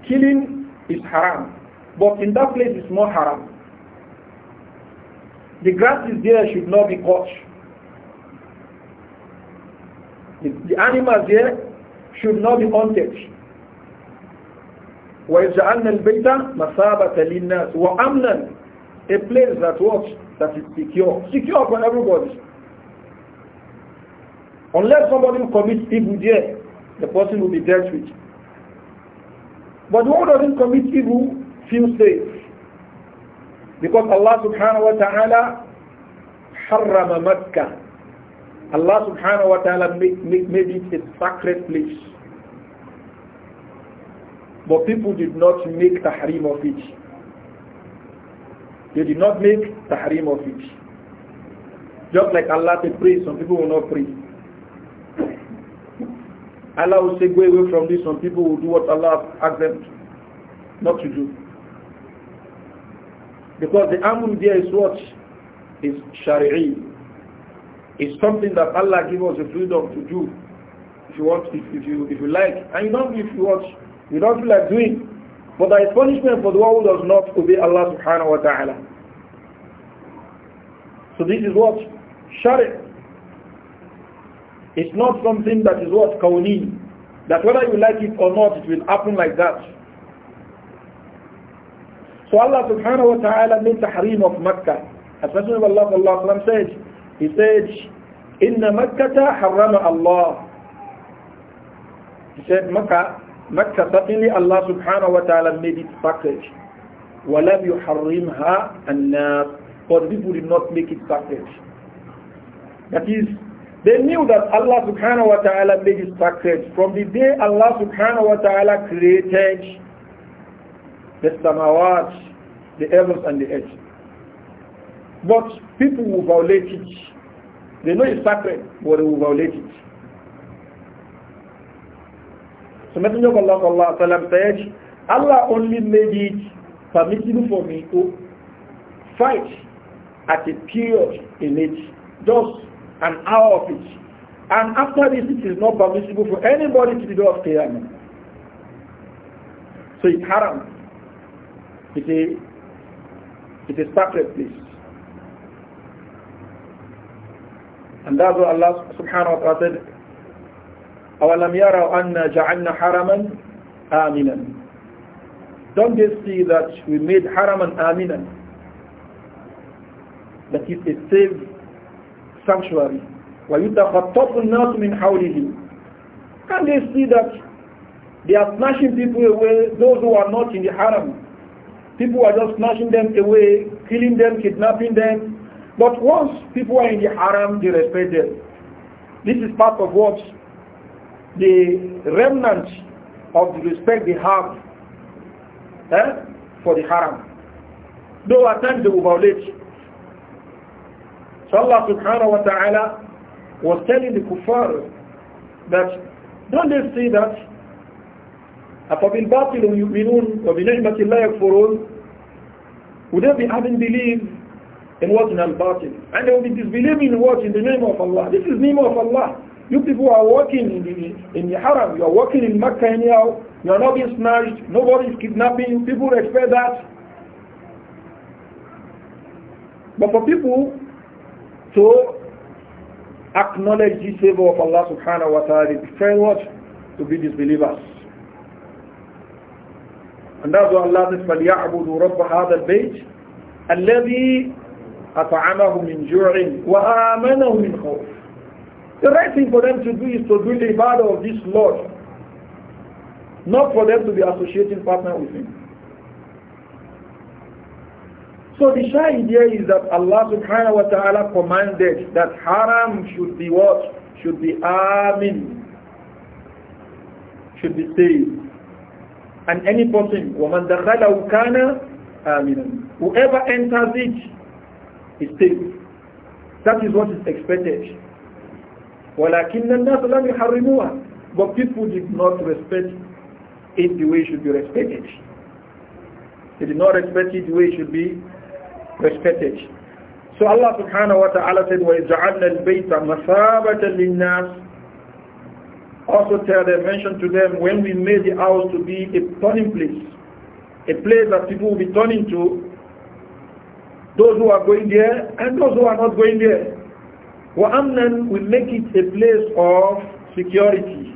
Killing is haram, but in that place it's not haram. The grasses there should not be cut. The, the animals there should not be hunted. وَيَجْعَلْنَا الْبَيْتَ مَثَابَةً لِلنَّاسِ وَأَمْنًا A place that what? That is secure. Secure for everybody. Unless somebody commits evil there, the person will be dealt with. But who doesn't commit evil feels safe. Because Allah subhanahu wa ta'ala harrama مكة Allah subhanahu wa ta'ala made, made, made it a sacred place. But people did not make tahrim of it. They did not make tahrim of it. Just like Allah to pray, some people will not pray. Allah will say, go away from this, some people will do what Allah asked them not to do. Because the amr there is what? Is shari'i. It's something that Allah gives us the freedom to do. If you want, if, if you if you like, and you don't if you want you don't feel like doing. But there is punishment for the one who does not obey Allah subhanahu wa ta'ala. So this is what? Shari. It's not something that is what? Kawni. That whether you like it or not, it will happen like that. So Allah subhanahu wa ta'ala made tahreem of Makkah. As Messenger of Allah sallallahu alayhi wa said, He said, إِنَّ مَكَّةَ حَرَّمَ Allah. He said, Makkah Makkah, certainly Allah subhanahu wa ta'ala made it sacred. وَلَمْ يُحَرِّمْهَا النَّاسِ But people did not make it sacred. That is, they knew that Allah subhanahu wa ta'ala made it sacred. From the day Allah subhanahu wa ta'ala created the samawat, the heavens and the earth. But people will violate it. They know it's sacred, but they will violate it. So Messenger of Allah sallam, said, Allah only made it permissible for me to fight at a period in it, just an hour of it. And after this, it is not permissible for anybody to be of Qiyamah. So it's haram. It's it's a sacred place. And that's what Allah subhanahu wa ta'ala said, أَوَلَمْ يَرَوْا أَنَّا جَعَلْنَا حَرَمًا آمِنًا Don't they see that we made haraman aminan? That is a safe sanctuary. وَيُتَخَطَّفُ النَّاسُ مِنْ حَوْلِهِ Can they see that they are snatching people away, those who are not in the haram? People are just snatching them away, killing them, kidnapping them. But once people are in the haram, they respect them. This is part of what the remnant of the respect they have eh, for the haram. Though at times they will violate. So Allah subhanahu wa ta'ala was telling the kuffar that don't they see that أفبالباطل يؤمنون وبنعمة الله يكفرون Would they be having belief in what in al-batil? And they will be disbelieving in what? In the name of Allah. This is the name of Allah. You people are working in the, in the haram. You are working in Mecca anyhow. You are not being snatched. Nobody is kidnapping People expect that. But for people to acknowledge this favor of Allah subhanahu wa ta'ala, it's very much To be disbelievers. And that's why Allah says, فَلْيَعْبُدُوا رَبَّ هَذَا الْبَيْتِ الَّذِي أَطْعَمَهُ مِنْ جُوعٍ وَآمَنَهُ مِنْ خَوْفٍ the right thing for them to do is to do the ibadah of this Lord, not for them to be associating partner with him. So the shy idea is that Allah subhanahu wa ta'ala commanded that haram should be what? Should be amin. Should be saved. And any person, وَمَنْ دَخَلَهُ كَانَ آمِنًا Whoever enters it is saved. That is what is expected. وَلَكِنَّ النَّاسَ لَمْ يُحَرِّمُوهَا But people did not respect it the way it should be respected. They did not respect it the way it should be respected. So Allah subhanahu wa ta'ala said, وَإِجْعَلْنَا الْبَيْتَ مَثَابَةً لِلنَّاسِ Also tell them, mention to them, when we made the house to be a turning place, a place that people will be turning to, those who are going there and those who are not going there. Wa amnan will make it a place of security.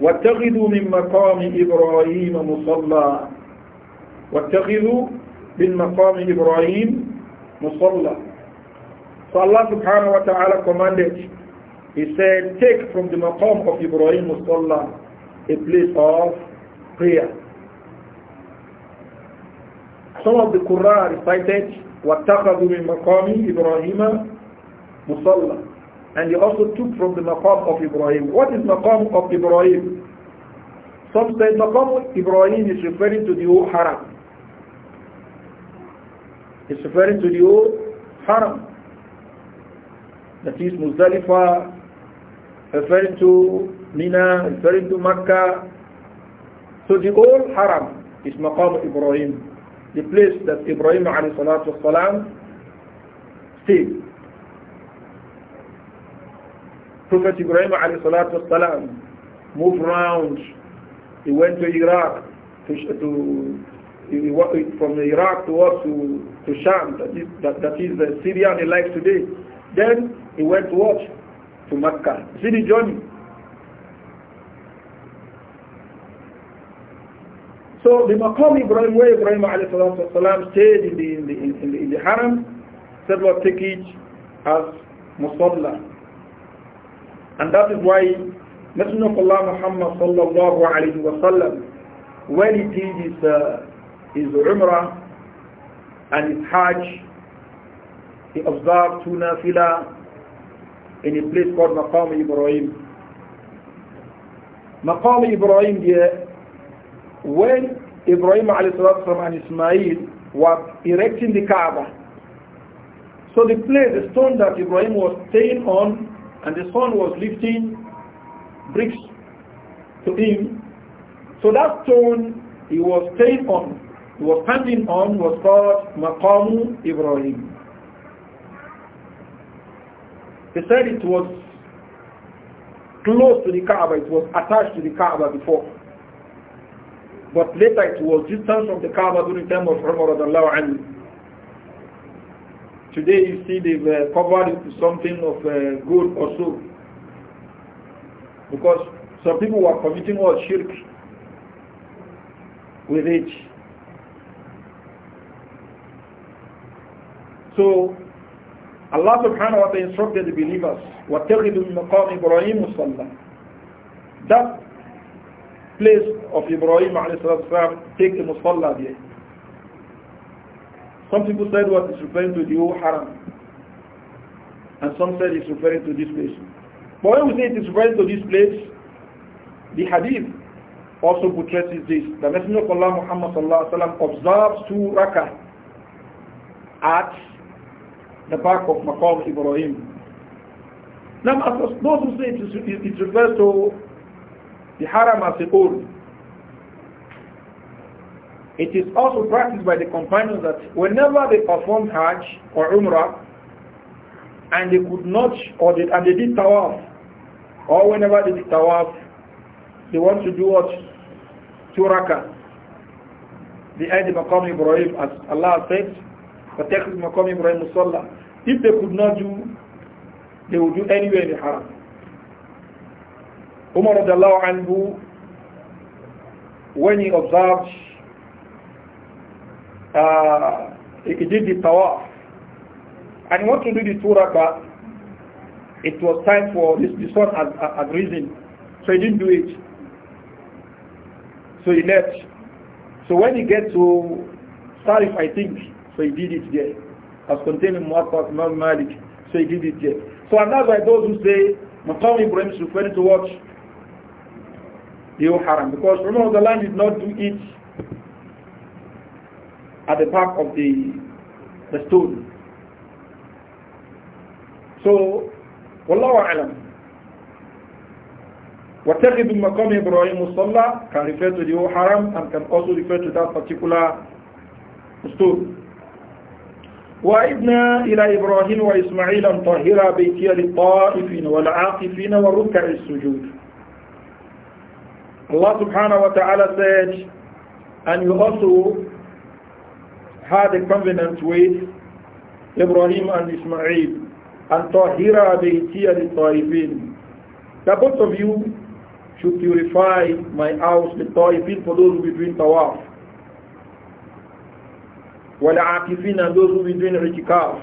واتخذوا من مقام إبراهيم مصلى واتخذوا من مقام إبراهيم مصلى So Allah subhanahu wa ta'ala commanded, He said, take from the maqam of Ibrahim Musalla a place of prayer. Some of the Qur'an recited, وَاتَّخَذُوا مِنْ مَقَامِ إِبْرَاهِيمَ Musalla. And he also took from the maqam of Ibrahim. What is maqam of Ibrahim? Some say maqam Ibrahim is referring to the old haram. It's referring to the old haram. That is Muzdalifah, referring to Mina, referring to Makkah. So the old haram is maqam Ibrahim, the place that Ibrahim alayhi salatu wasalam stayed. Prophet Ibrahim والسلام, moved around. He went to Iraq, to, to from Iraq towards to, to Sham, that is, that, that is uh, the Syria he likes today. Then he went to watch To Mecca. See the journey. So the Maqam Ibrahim, where Ibrahim والسلام, stayed in the, in the, in the, in the Haram, said, Lord, take it as Musalla. And that is why Messenger of Allah Muhammad sallallahu alayhi wa sallam, when he did his, uh, his Umrah and his Hajj, he observed two nafila in a place called Maqam Ibrahim. Maqam Ibrahim there, when Ibrahim والسلام, and Ismail were erecting the Kaaba, so the place, the stone that Ibrahim was staying on and the son was lifting bricks to him. So that stone he was staying on, he was standing on, was called Maqamu Ibrahim. He said it was close to the Kaaba, it was attached to the Kaaba before. But later it was distant from the Kaaba during the time of Umar radiallahu anhu. Today you see they've uh, covered it with something of uh, good or so. Because some people were committing all shirk with it. So Allah subhanahu wa ta'ala instructed the believers, وَاتَّخِذُوا مِنْ مَقَامِ إِبْرَاهِيمُ صَلَّى That place of Ibrahim alayhi salam, take the musalla there. Some people said what is referring to the whole haram. And some said it's referring to this place. But when we say it is referring to this place, the hadith also portrays this. The Messenger of Allah Muhammad observes two rakah at the back of Maqam Ibrahim. Now, as those who say it, is, it refers to the haram as a whole, it is also practiced by the companions that whenever they performed Hajj or Umrah, and they could not, or they, and they did Tawaf, or whenever they did Tawaf, they want to do what? Two rakah. ayat مقام إبراهيم as Allah said فَتَخِذْ مَقَامِ إِبْرَاهِيمُ musalla. If they could not do, they would do anywhere in the haram. Umar radiallahu anhu, when he observed uh, he did the tawaf. And he to do the two rakah. It was time for this, this one had, had risen. So he didn't do it. So he left. So when he gets to Sarif, I think, so he did it there. As containing in Muwatta, Malik. So he did it there. So and that's why those who say, Maqam Ibrahim is referring to what? The Haram. Because remember the line did not do it at the back of the, the stone. So, Wallahu A'lam. وَاتَّخِذُ مَقَامِ إِبْرَاهِيمُ الصَّلَّى can refer to the whole haram and can also refer to that particular stone. وإذنا إلى إبراهيم وإسماعيل طهر بيتي للطائفين والعاقفين والركع السجود Allah subhanahu wa ta'ala said and you also had a covenant with Ibrahim and Ismail and Tahira Beitiya Taifin. That both of you should purify my house with Taifin for those who be doing Tawaf. والعاكفين and those who be doing itikaf.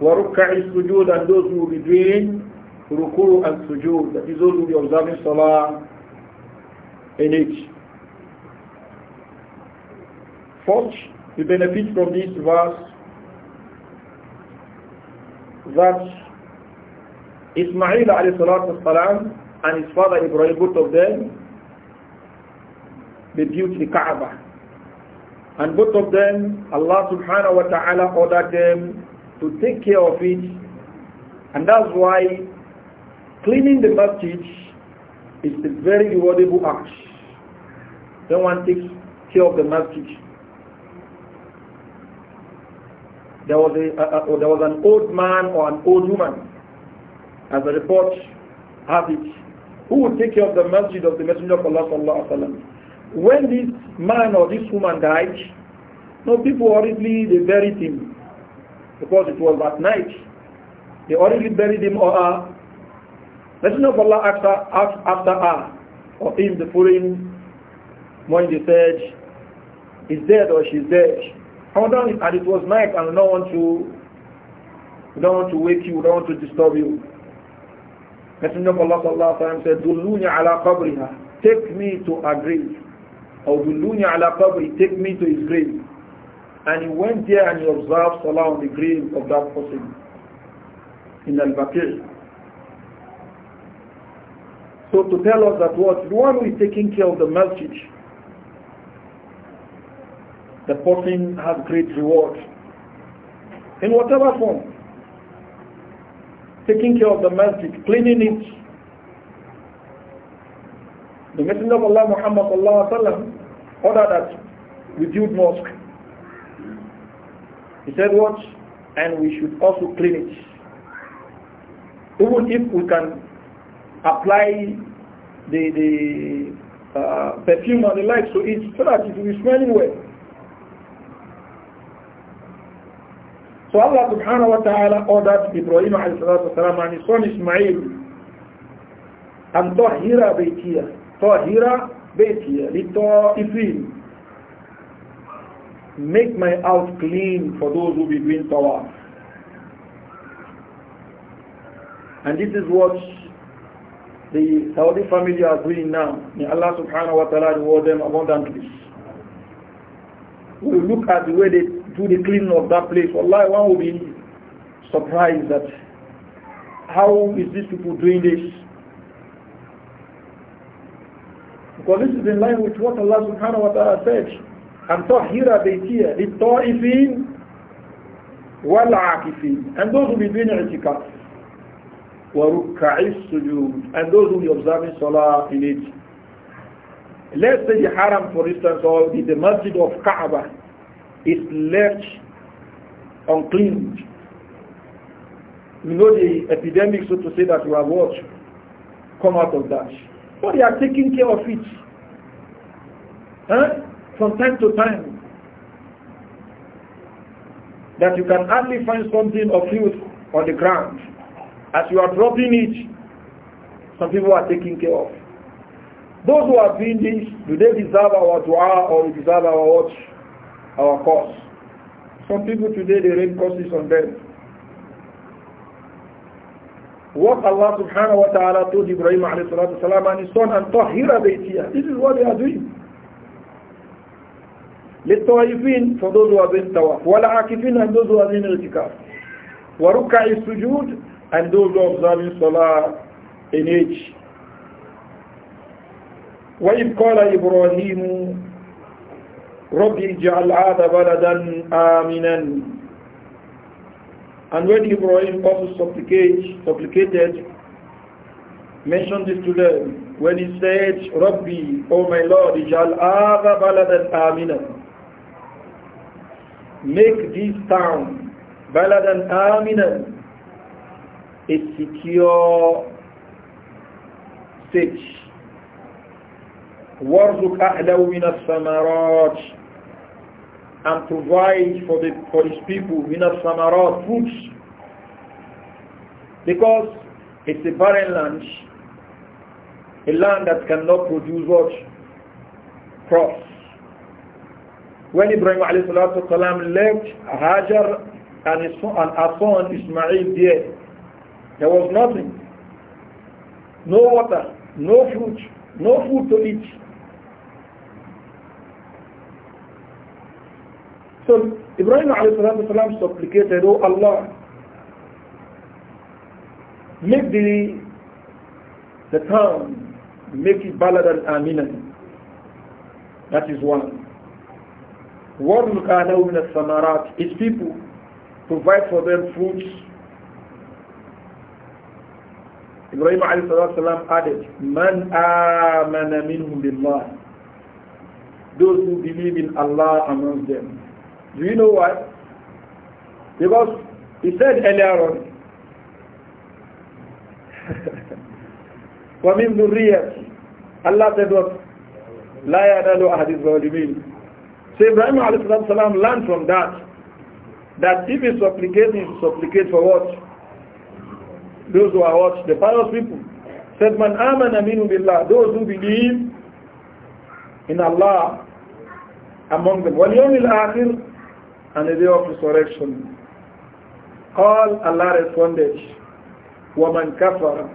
وركع السجود and those who be doing ruku and sujud. That is those who be observing salah in it. Fourth, the benefit from this verse that Ismail والسلام, and his father Ibrahim, both of them, they built the Kaaba. And both of them, Allah subhanahu wa ta'ala ordered them to take care of it. And that's why cleaning the masjid is a very rewardable act. Someone takes care of the masjid. there was, a, uh, uh, there was an old man or an old woman, as the report has it, who would take care of the masjid of the Messenger of Allah sallallahu alaihi wasallam. When this man or this woman died, no people hurriedly they buried him because it was at night. They already buried him or her. Messenger of Allah asked after her or him the following morning they said, he's dead or she's dead. I've and it was night and no one to, we don't want to wake you, we don't want to disturb you. Messenger of Allah sallallahu alayhi wa said, Dulluni ala qabriha, take me to a grave. Or Dulluni ala qabri, take me to his grave. And he went there and he observed Salah on the grave of that person in Al-Baqir. So to tell us that what the one who is taking care of the masjid the person has great reward in whatever form. Taking care of the masjid, cleaning it. The Messenger of Allah Muhammad sallam, ordered that we build mosque. He said what? And we should also clean it. Even if we can apply the, the uh, perfume and the like to it so that it will smell smelling well. So Allah subhanahu wa ta'ala ordered Ibrahim alayhi salatu wasalam and his son Ismail and Tahira Baitia. Tahira Baitia. Ifil. Make my house clean for those who be doing tawaf. And this is what the Saudi family are doing now. May Allah subhanahu wa ta'ala reward them abundantly. We look at the way they do the cleaning of that place. Allah, one will be surprised that how is these people doing this? Because this is in line with what Allah subhanahu wa ta'ala said. And tahira baytiya, the ta'ifin wal akifin. And those who be doing itikaf. وَرُكَّعِ السُّجُودِ And those who be observing salah in it. Let's say the haram for instance or the masjid of Kaaba is left uncleaned. You know the epidemic, so to say, that we have watched come out of that. But they are taking care of it. Huh? From time to time. That you can hardly find something of use on the ground. As you are dropping it, some people are taking care of. Those who are doing this, do they deserve our dua or deserve our watch? our course. Some people today, they rain curses on them. What Allah subhanahu wa ta'ala told Ibrahim alayhi salatu salam and his son, and tahira baytiya. This is what they are doing. Let للطائفين for those who have been tawaf والعاكفين and those who are in itikaf is السجود and those who are observing salah in each وإذ قال إبراهيم رب اجعل هذا بلدا آمنا And when Ibrahim also supplicated, mentioned this to them, when he said, Rabbi, O oh my Lord, اجعل هذا بلدا آمنا Make this town بلدا آمنا a secure stage وارزق أهله من الثمرات and provide for the for his people minas samarat foods because it's a barren land a land that cannot produce what crops when Ibrahim alayhi salatu salam left Hajar and his son, and her son Ismail there there was nothing no water no fruit no food to eat So Ibrahim والسلام, supplicated, Oh Allah, make the, the town, make it Balad al-Amina. is one. وَرْزُقْ أَهْلَهُ مِنَ Its people, provide for them fruits. Ibrahim والسلام, added, Man آمَنَ مِنْهُمْ بِاللَّهِ Those who believe in Allah among them. Do you know why? Because he said earlier on, وَمِن ذُرِّيَّتِي Allah said what? لَا يَعْدَلُ أَحَدِ الظَّالِمِينَ So Ibrahim a.s. learned from that, that if he supplicates, he supplicate for what? Those who are what? The pious people. Said, مَنْ آمَنَ مِنُ بِاللَّهِ Those who believe in Allah among them. وَالْيَوْمِ الْآخِرِ and the day of resurrection. All Allah responded, Woman kafara,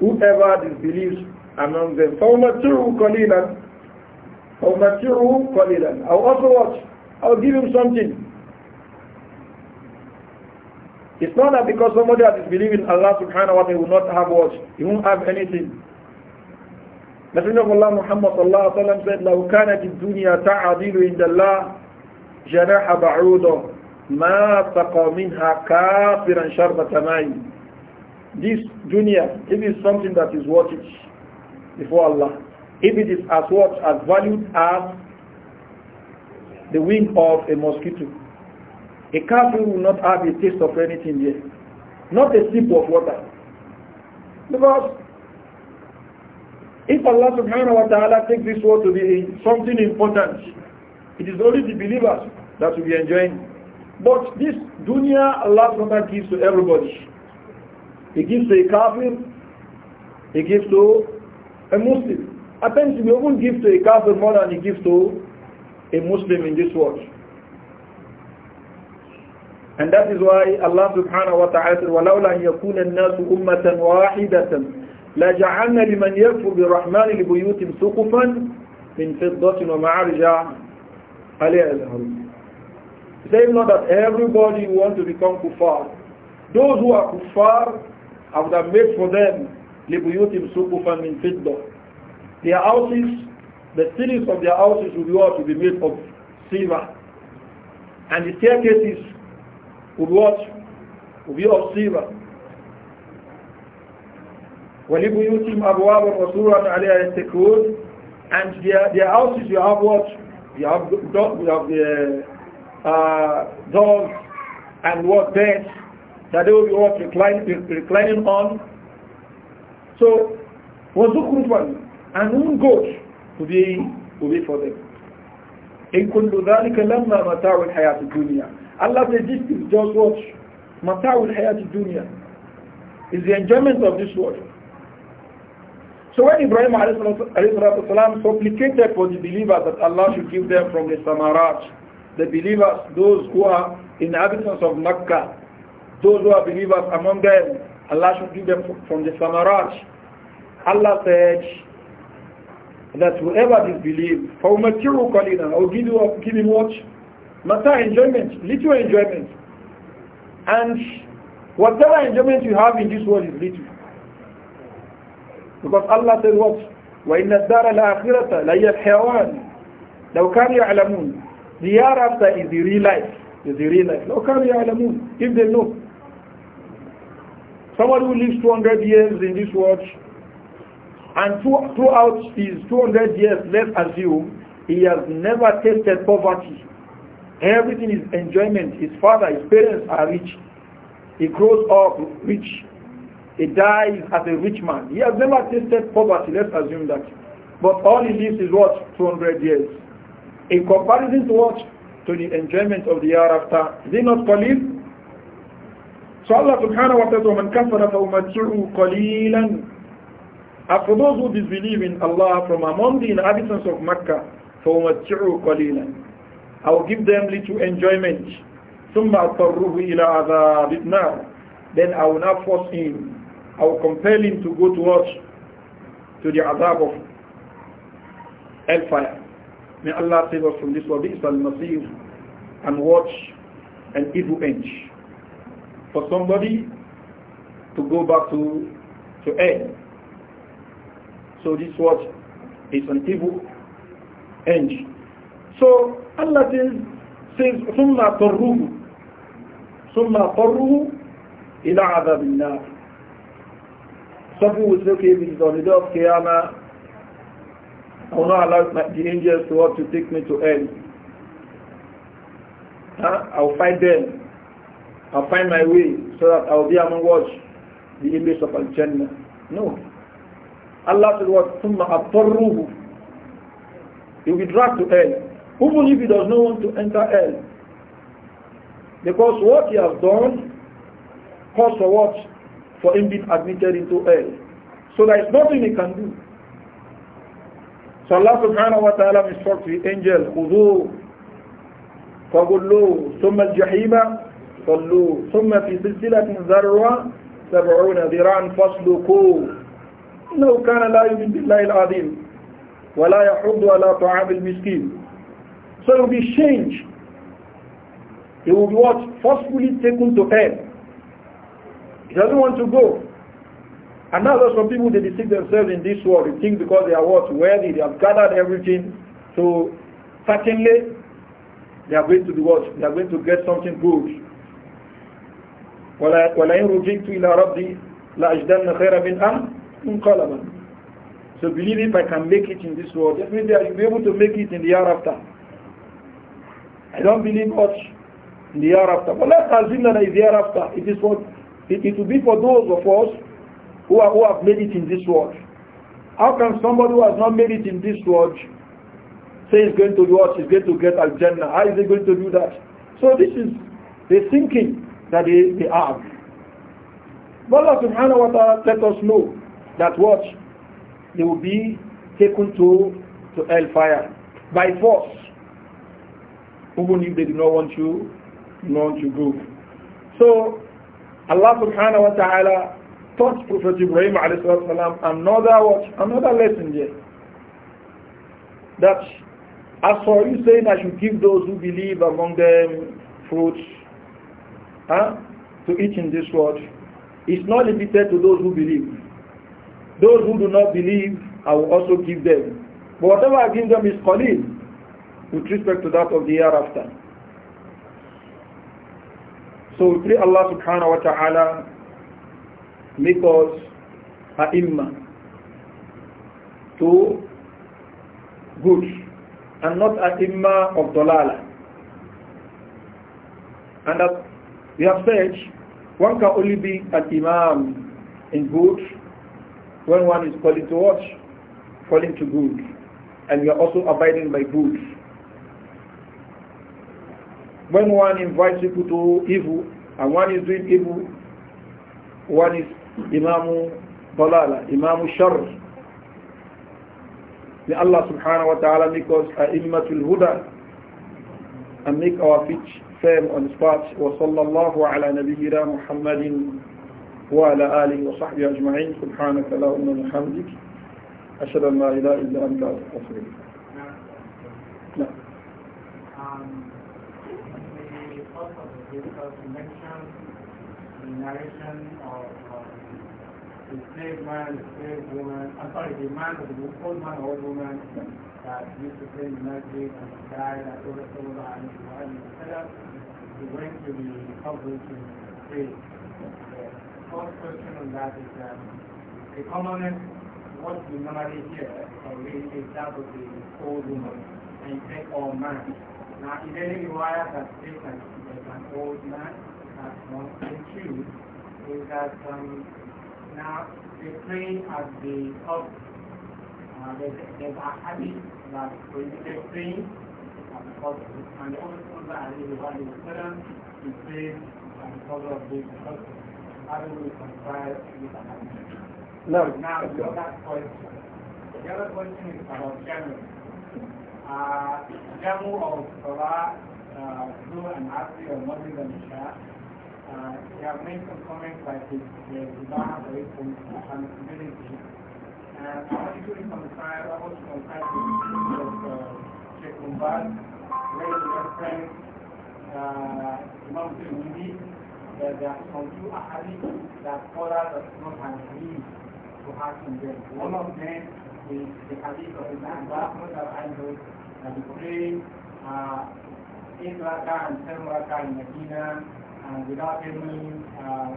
whoever disbelieves among them. فَوْمَتِرُهُ قَلِيلًا فَوْمَتِرُهُ قَلِيلًا I'll also what, I'll give him something. It's not that because somebody has disbelieved in Allah subhanahu wa ta'ala will not have what? He won't have anything. Messenger of Allah Muhammad sallallahu alayhi wa sallam said, لَوْ كَانَتِ الدُّنْيَا تَعَدِيلُ عِنْدَ اللَّهِ جناح بعوضة ما تقى منها كافرا شربة ماء This dunya, if it's something that is worth it before Allah, if it is as worth as valued as the wing of a mosquito, a kafir will not have a taste of anything there. Not a sip of water. Because if Allah subhanahu wa ta'ala takes this word to be something important, it is only the believers that will be enjoying. But this dunya Allah SWT gives to everybody. He gives to a kafir, he gives to a Muslim. At times he even gives to a kafir more than he gives to a Muslim in this world. And that is why Allah subhanahu wa ta'ala said, وَلَوْلَا أَنْ يَكُونَ النَّاسُ أُمَّةً وَاحِدَةً لَجَعَلْنَا لِمَنْ يَكْفُرْ بِالرَّحْمَنِ لِبُيُوتِهِمْ سُقُفًا مِنْ فِضَّةٍ وَمَعَارِجَ عَلَيْهَا يَظْهَرُونَ they know not that everybody who wants to become kufar. Those who are kufar, I would have made for them The سُقُفًا مِنْ فِضَّةٍ Their houses, the ceilings of their houses will be what? Will be made of silver. And the staircases will be what? Will be of silver. وَلِبُيُوتِمْ أَبْوَابًا وَسُورًا عَلَيْهَا يَتَّكُونَ And their, their houses, you have what? You have, you have the uh, dogs and what beds that they will be what reclining on. So, was one, and one goat to be, to be for them. إن كل ذلك لما متاع hayat الدنيا Allah says this is just what متاع hayat الدنيا is the enjoyment of this world so when Ibrahim والسلام, supplicated for the believers that Allah should give them from the samarat the believers, those who are inhabitants of Makkah, those who are believers among them, Allah should give them from the Samaraj. Allah said that whoever disbelieves, material gain, I will give, you, give him what? Mata enjoyment, little enjoyment. And whatever enjoyment you have in this world is little. Because Allah said what? وَإِنَّ الدَّارَ الْآخِرَةَ لَيَ الْحَيَوَانِ لَوْ كَانُوا يَعْلَمُونَ the hereafter is the real life. Is the real life. No, carry moon if they know. Somebody who lives 200 years in this world and throughout his 200 years, let's assume, he has never tasted poverty. Everything is enjoyment. His father, his parents are rich. He grows up rich. He dies as a rich man. He has never tasted poverty, let's assume that. But all he lives is what? 200 years in comparison to what? To the enjoyment of the hereafter. Is it not believe. So Allah subhanahu wa ta'ala, man kafara fa'umatsu'u qalilan. And for those who disbelieve in Allah from among the inhabitants of Mecca, فَأُمَتِّعُوا قَلِيلًا I will give them little enjoyment. ثُمَّ أَضْطَرُّهُ إِلَىٰ عَذَابِ النَّارِ Then I will not force him. I will compel him to go to to the azab of hellfire. May Allah save us from this world. This al-Masir and watch an evil end. For somebody to go back to to end. So this is an evil end. So Allah says, says ثم طره ثم طره إلى عذاب النار. Some people will say, okay, this is on the day of Qiyamah, I will not allow my, the angels to to take me to hell. Huh? I'll find them. I'll find my way so that I'll be among watch the image of Al-Jannah. No. Allah said what? ثُمَّ أَطَرُّهُ He will be dragged to hell. Even if he does not want to enter hell. Because what he has done calls for what? For him being admitted into hell. So there is nothing he can do. So Allah subhanahu wa ta'ala instructs the angel, خذوه فقلوه ثم الجحيم صلوه ثم في سلسلة ذروة سبعون ذراعا فاسلكوه إنه كان لا يؤمن بالله العظيم ولا يحض على طعام المسكين. So it will be changed. It will be what? Forcefully taken to hell. He doesn't want to go. And now there's some people, they deceive themselves in this world. They think because they are what? Worthy, they have gathered everything. So certainly, they are going to do what? They are going to get something good. وَلَئِنْ رُجِئْتُ إِلَىٰ رَبِّي لَأَجْدَنَّ خَيْرًا مِنْ أَنْ So believe if I can make it in this world, definitely I will be able to make it in the year after. I don't believe much in the year after. But let's assume that it is after. It is for, it, it will be for those of us who, are, who have made it in this world. How can somebody who has not made it in this world say he's going to do what? He's going to get Al-Jannah. How is he going to do that? So this is the thinking that they, they have. But Allah subhanahu wa ta'ala let us know that what? They will be taken to, to hellfire by force. Even if they do not want you, not want you to go. So Allah subhanahu wa ta'ala taught Prophet Ibrahim salam. another what? Another lesson here. That as for you saying I should give those who believe among them fruits huh, to eat in this world, it's not limited to those who believe. Those who do not believe, I will also give them. But whatever I give them is qalil with respect to that of the year after. So we pray Allah subhanahu wa ta'ala make us ai am to good and not ai am of Dolala. And as we have said, one can only be an Imam in good when one is calling to watch, calling to good. And we are also abiding by good. When one invites people to evil, and one is doing evil, one is إمام ضلالة إمام شر May Allah subhanahu wa ta'ala make us a'immatul huda and make our feet firm on the spot. Wa sallallahu ala nabiyyina Muhammadin wa ala alihi wa sahbihi ajma'in. Subhanaka la umma bihamdik. أشهد أن لا إله إلا أنت أستغفرك. نعم. Um, the author of this mentioned narration of uh, the slave man, the slave woman, I'm sorry, the man, the old man, old woman that used to play the magic and the guy that told us all that and he went to the public in pray. The first question on that is um, the commonest, what we normally hear or read is that of the old woman and you take old man. Now, is there any wire that takes an, an old man? platform. And two is that um, now the play at the top. Uh, they, are happy that when they play at the top, and the only sponsor I really want is certain at the top of the top. How do we compare with the No. Now, the other question. The other question is about general. Uh, Jamu of Salah, uh, Blue and Afri or Muslim uh, have made some comments like the, uh, the, the Ghana from accountability. And particularly from the prior, I was compared to the issue of uh, Sheikh Mumbad, where you referenced uh, Imam Tirmidhi, that there are some few ahadith that scholars have not agreed to happen them. One of them is the hadith of Ibn Abbas, not that I know, that he prayed uh, eight rakah and seven rakah in Medina, and without any uh,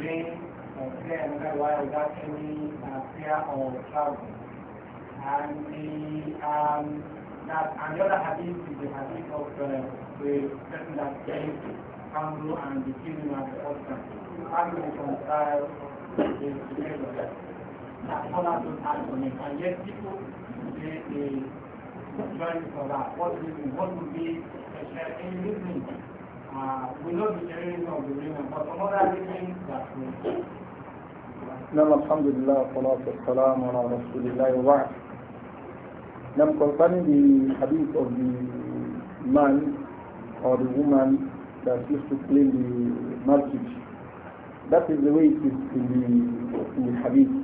rain or prayer, another while without any uh, prayer or trouble, And the, um, that, and the other hadith is the hadith of uh, the person that says, Kambu and the kingdom of the husband. How do you reconcile the situation of that? That's all I don't for me. And yet people, they, they join for that. What reason? What would be a share any reason? uh, will not be of the agreement, but some other نعم الحمد لله والصلاة والسلام على رسول الله وبعد Now concerning the habit of the man or the woman that used to clean the market, that is the way it is in the, in the hadith.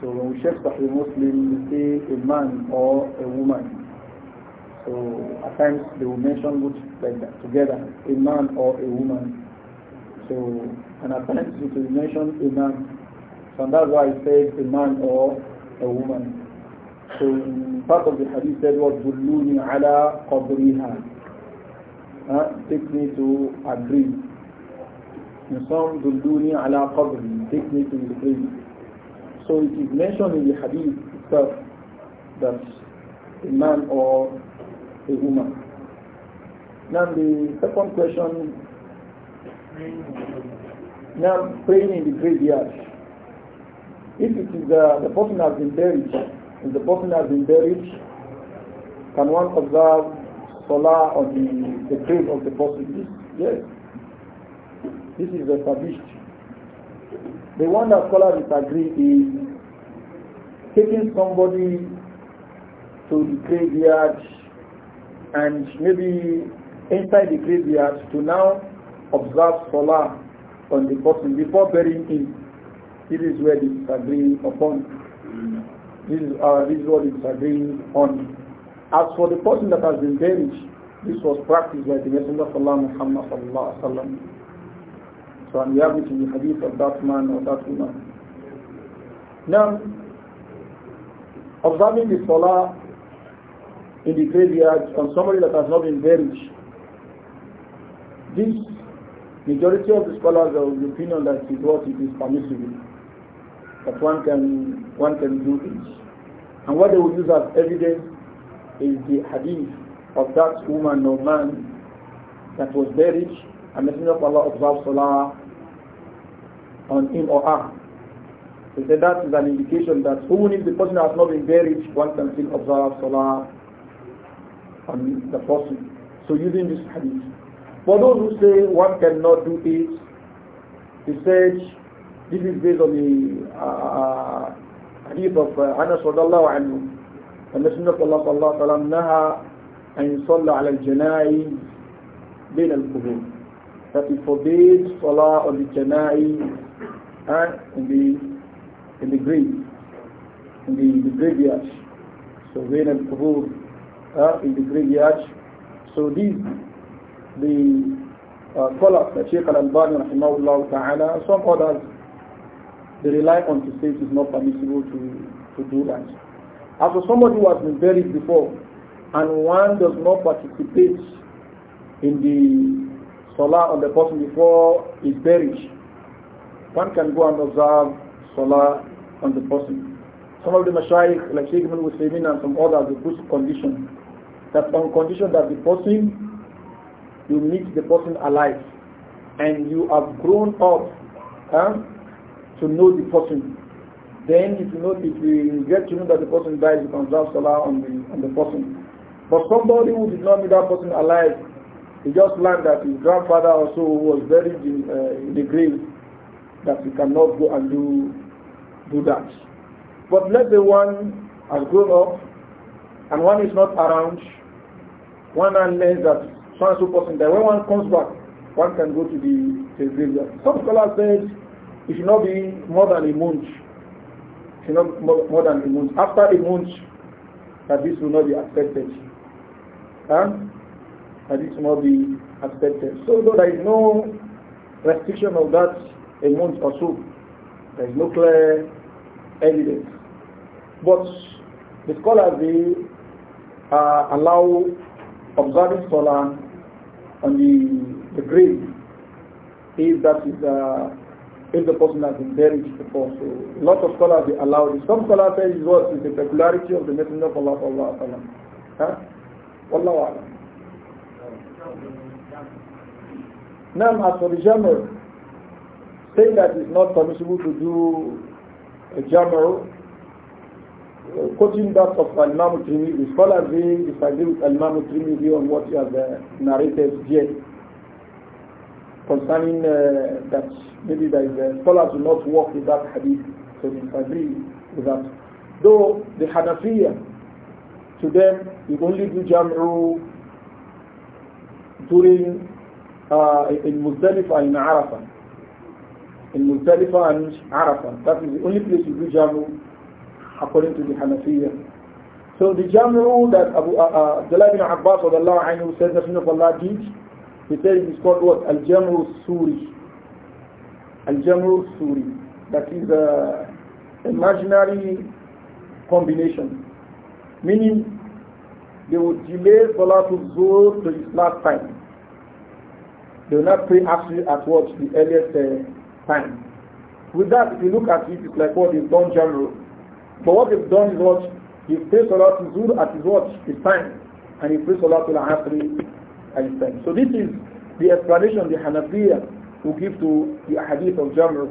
So when we check the Muslim, we say a man or a woman. So at times they will mention like that together, a man or a woman. So and at times it will mention a man. So that's why it says a man or a woman. So part of the hadith said was duluni ala qabriha. Uh, take me to a dream. In some duluni ala qabri, take me to the dream. So it is mentioned in the hadith itself that a man or a woman. Now the second question, now praying in the graveyard. If it is uh, the person has been buried, if the person has been buried, can one observe solar on the, the grave of the person? Yes. This is established. The one that scholars disagree is taking somebody to the graveyard and maybe inside the graveyard to now observe Salah on the person before burying him. This is where they disagree upon. This is, uh, this is what they disagree on. As for the person that has been buried, this was practiced by the Messenger of Allah Muhammad sallallahu alaihi wasallam. So i we have it in the hadith of that man or that woman. Now, observing the Salah in the graveyard from somebody that has not been buried. This majority of the scholars are of the opinion that it what it is permissible. That one can one can do it. And what they will use as evidence is the hadith of that woman or man that was buried and Messenger of Allah observed Salah on him or her. They said that is an indication that even if the person has not been buried, one can still observe Salah on the person. So using this hadith. For those who say one cannot do it, he said this is based on the uh, uh hadith of uh, Anas radiallahu anhu. The Messenger of Allah sallallahu alayhi wa sallam naha أن يصلى على الجنائز بين القبور. That he forbids salah on the janaiz and in the in the grave, in the, the graveyard. So بين القبور uh, in the graveyard. So these, the uh, scholars, the Sheikh al-Albani, rahimahullah ta'ala, some others, they rely on to say it is not permissible to, to do that. As for somebody who has been buried before, and one does not participate in the salah on the person before is buried, one can go and observe salah on the person. Some of the mashayikh, like Sheikh Ibn Usaymin and some others, they put condition that on condition that the person, you meet the person alive and you have grown up huh, to know the person. Then if you know, if you get to know that the person dies, you can draft salah on the, on the person. But somebody who did not meet that person alive, he just learned that his grandfather also was buried in, uh, in the grave, that he cannot go and do, do that. But let the one has grown up and one is not around, one hand learns that so and so person When one comes back, one can go to the, to the graveyard. Some scholars said it should not be more than a month. It should not be more than a month. After a month, that this will not be accepted. And that this will not be accepted. So though there is no restriction of that a month or so, there is no clear evidence. But the scholars they uh, allow observing Salah on the, the grave if that is uh, if the person has been buried before. So a lot of scholars they allow this. Some scholars say it was the peculiarity of the Messenger of Allah Allah, Allah. Huh? Allah a'lam. Now as for the jamr, saying that it's not permissible to do a jamr quoting that of Al-Imam Trimidi, scholars they disagree with Al-Imam Trimidi on what you have uh, narrated here concerning uh, that maybe the uh, scholars do not work with that hadith, so they disagree with that. Though the Hanafiya, to them, you only do Jam'u during uh, in Muzdalifah in Arafah. In Muzdalifah and Arafah. That is the only place you do Jam'u according to the Hanafiya. So the Jamru that Abu uh, uh, Abdullah bin Abbas anhu, said Messenger of Allah did, he said it is called what? Al-Jamru Suri. Al-Jamru Suri. That is uh, a imaginary combination. Meaning they would delay Salatul Zuhr to its last time. They will not pray actually at what? The earliest uh, time. With that, if you look at it, it's like what is done Jamru. But what they've done is what? they've prays Salat Zuhr at his watch, his time, and he lot of al-Asri at his time. So this is the explanation the Hanafiya will give to the Ahadith of Jamr,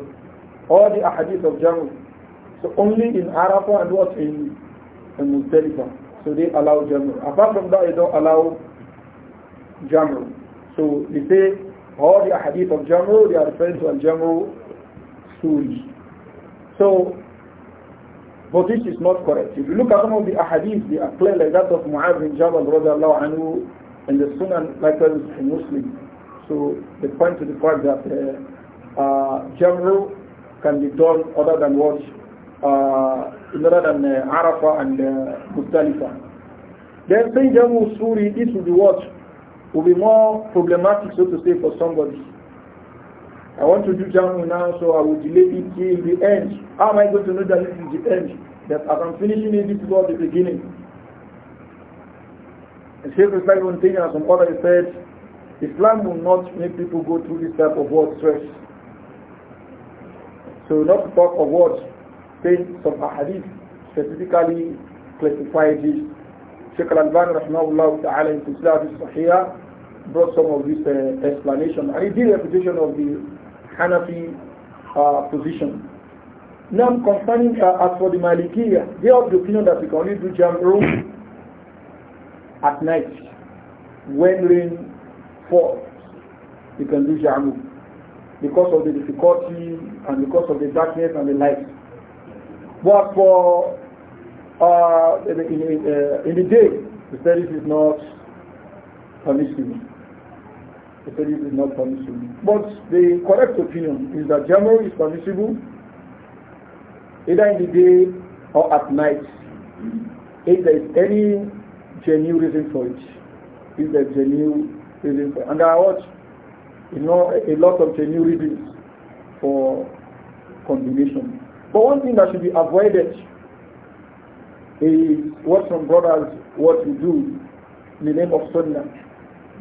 or the Ahadith of Jamr. So only in Arafah and what in, in Muzdalifah. So they allow Jamr. Apart from that, they don't allow Jamr. So they say all the Ahadith of Jamr, they are referring to Al-Jamr Suri. So but this is not correct. If you look at some of the ahadith, they are clear like that of Mu'adh bin Jabal radiallahu anhu and the sunnah like in Muslim. So they point to the fact that uh, uh, can be done other than what, uh, other than uh, Arafah and uh, Then saying Jamru Suri, this will be what? Will be more problematic, so to say, for somebody. I want to do Jamu now, so I will delay it till the end. How am I going to know that this is the end? That as I'm finishing it, this is all the beginning. And Sheikh Islam one thing some other said, Islam will not make people go through this type of world stress. So not to talk of words, say some ahadith specifically classified this. Sheikh Al-Albani rahmahullah ta'ala in Islam brought some of this uh, explanation and he did a of the Hanafi uh, position. Now concerning uh, as for the Malikiya, they have the opinion that we can only do Jamru at night when rain falls. You can do Jamru because of the difficulty and because of the darkness and the light. But for uh, in, in, uh, in the day, the service is not permissible. The said is not permissible. But the correct opinion is that jamor is permissible either in the day or at night if there is any genuine reason for it. If there is genuine reason for it. And I watch, You know, a lot of genuine reasons for condemnation. But one thing that should be avoided is what some brothers what to do in the name of Sunnah.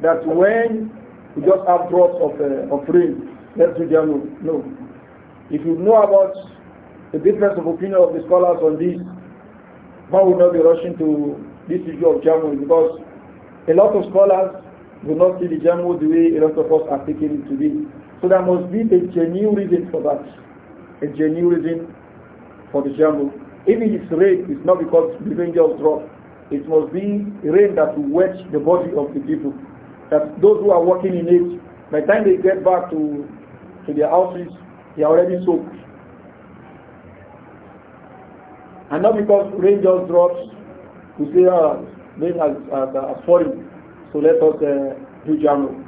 That when we just have drops of, uh, of rain. Let's do No. If you know about the difference of opinion of the scholars on this, one will not be rushing to this issue of Jamu because a lot of scholars do not see the Jamu the way a lot of us are taking it today. So there must be a genuine reason for that. A genuine reason for the Jamu. Even if it's rain, it's not because the rain just dropped. It must be rain that will wet the body of the people that those who are working in it, by the time they get back to, to their houses, they are already soaked. And not because rain just drops, we say, ah, rain has, has, has fallen, so let us uh, do jungle.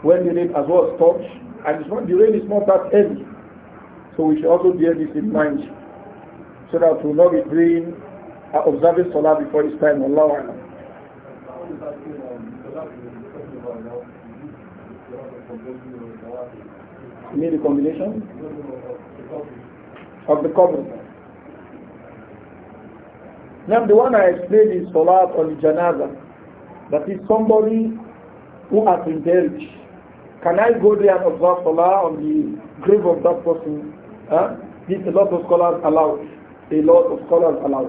When the rain as well stops, and not, the rain is not that heavy, so we should also bear this in mind, so that we will not be praying, uh, observing Salah before his time. Allah. Allah. You made a combination? Of the cover. Now the one I explained is Salat on Janaza. That is somebody who has been Can I go there and observe Salah on the grave of that person? Huh? This a lot of scholars allow. A lot of scholars allow.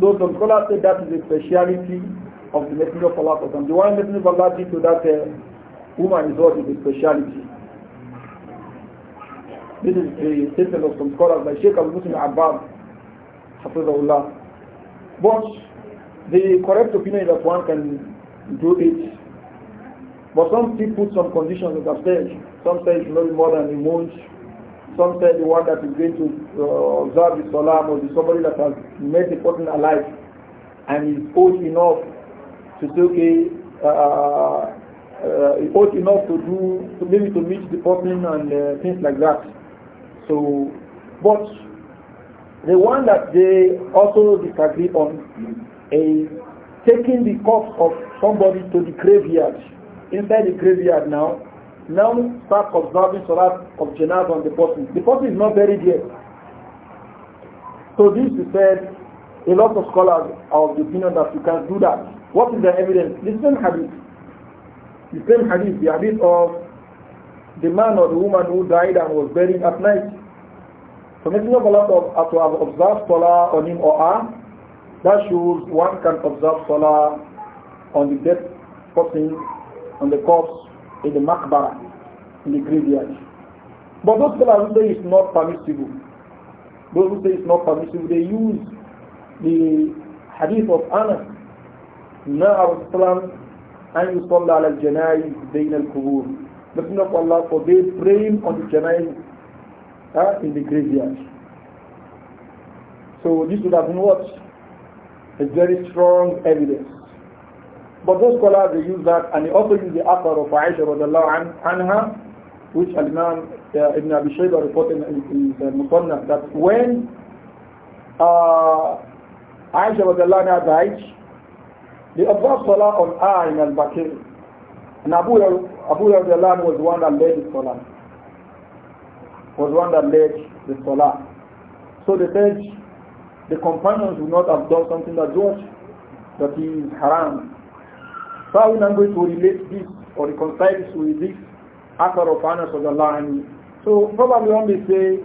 Those some scholars say that is a speciality of the Messenger of Allah. And the one Messenger of Allah did to that uh, woman is what is a speciality. This is the statement of some scholars like Sheikh Abu Muslim Abbad, Hafizahullah. But the correct opinion is that one can do it. But some people put some conditions that stage. Some say it's not more than a month. Some say the one that is going to uh, observe the salam must be somebody that has made the person alive and is old enough to say, okay, uh, uh, uh old enough to do, to maybe to meet the person and uh, things like that. So, but the one that they also disagree on is taking the corpse of somebody to the graveyard. Inside the graveyard now, now start observing Salat of Janaz on the person. The person is not buried yet. So this is said, a lot of scholars are of the opinion that you can do that. What is the evidence? The same hadith. The same hadith, the hadith of the man or the woman who died and was buried at night. So lot of Allah uh, to have observed Salah on him or her, that shows one can observe Salah on the dead person, on the corpse, in the makbara, in the graveyard. But those scholars who say it's not permissible, those who say it's not permissible, they use the hadith of Anas, نهى الرسول أن يصلى على الجنائز بين القبور Messenger of Allah forbade praying on the janai uh, in the graveyard. So this would have been what? A very strong evidence. But those scholars they use that and they also use the author of Aisha radiallahu anha which Al-Imam uh, Ibn Abi Shaybah reported in the uh, Musannaf that when uh, Aisha radiallahu anha died they observed Salah on her in Al-Bakir and Abu Abu Yalam was the one that led the Salah. Was the one that led the Salah. So they said the companions would not have done something that was that is haram. So I am not going to relate this or reconcile this with this after of Anas of Allah. So probably one may say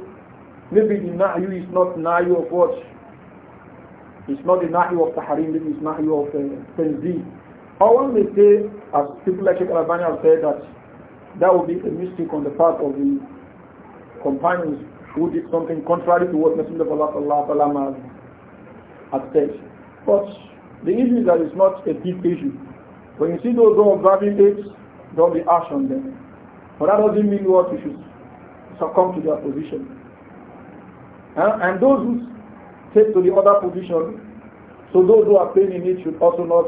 maybe the Nahyu is not Nahyu of what? It's not the Nahyu of Tahrim, maybe it's Nahyu of uh, Tanzih. Or one may say as people like Sheikh have said that that would be a mistake on the part of the companions who did something contrary to what Messenger of Allah had said. But the issue is that it's not a big issue. When you see those who are grabbing it, don't be harsh on them. But that doesn't mean what you should succumb to their position. Uh, and those who take to the other position, so those who are playing in it should also not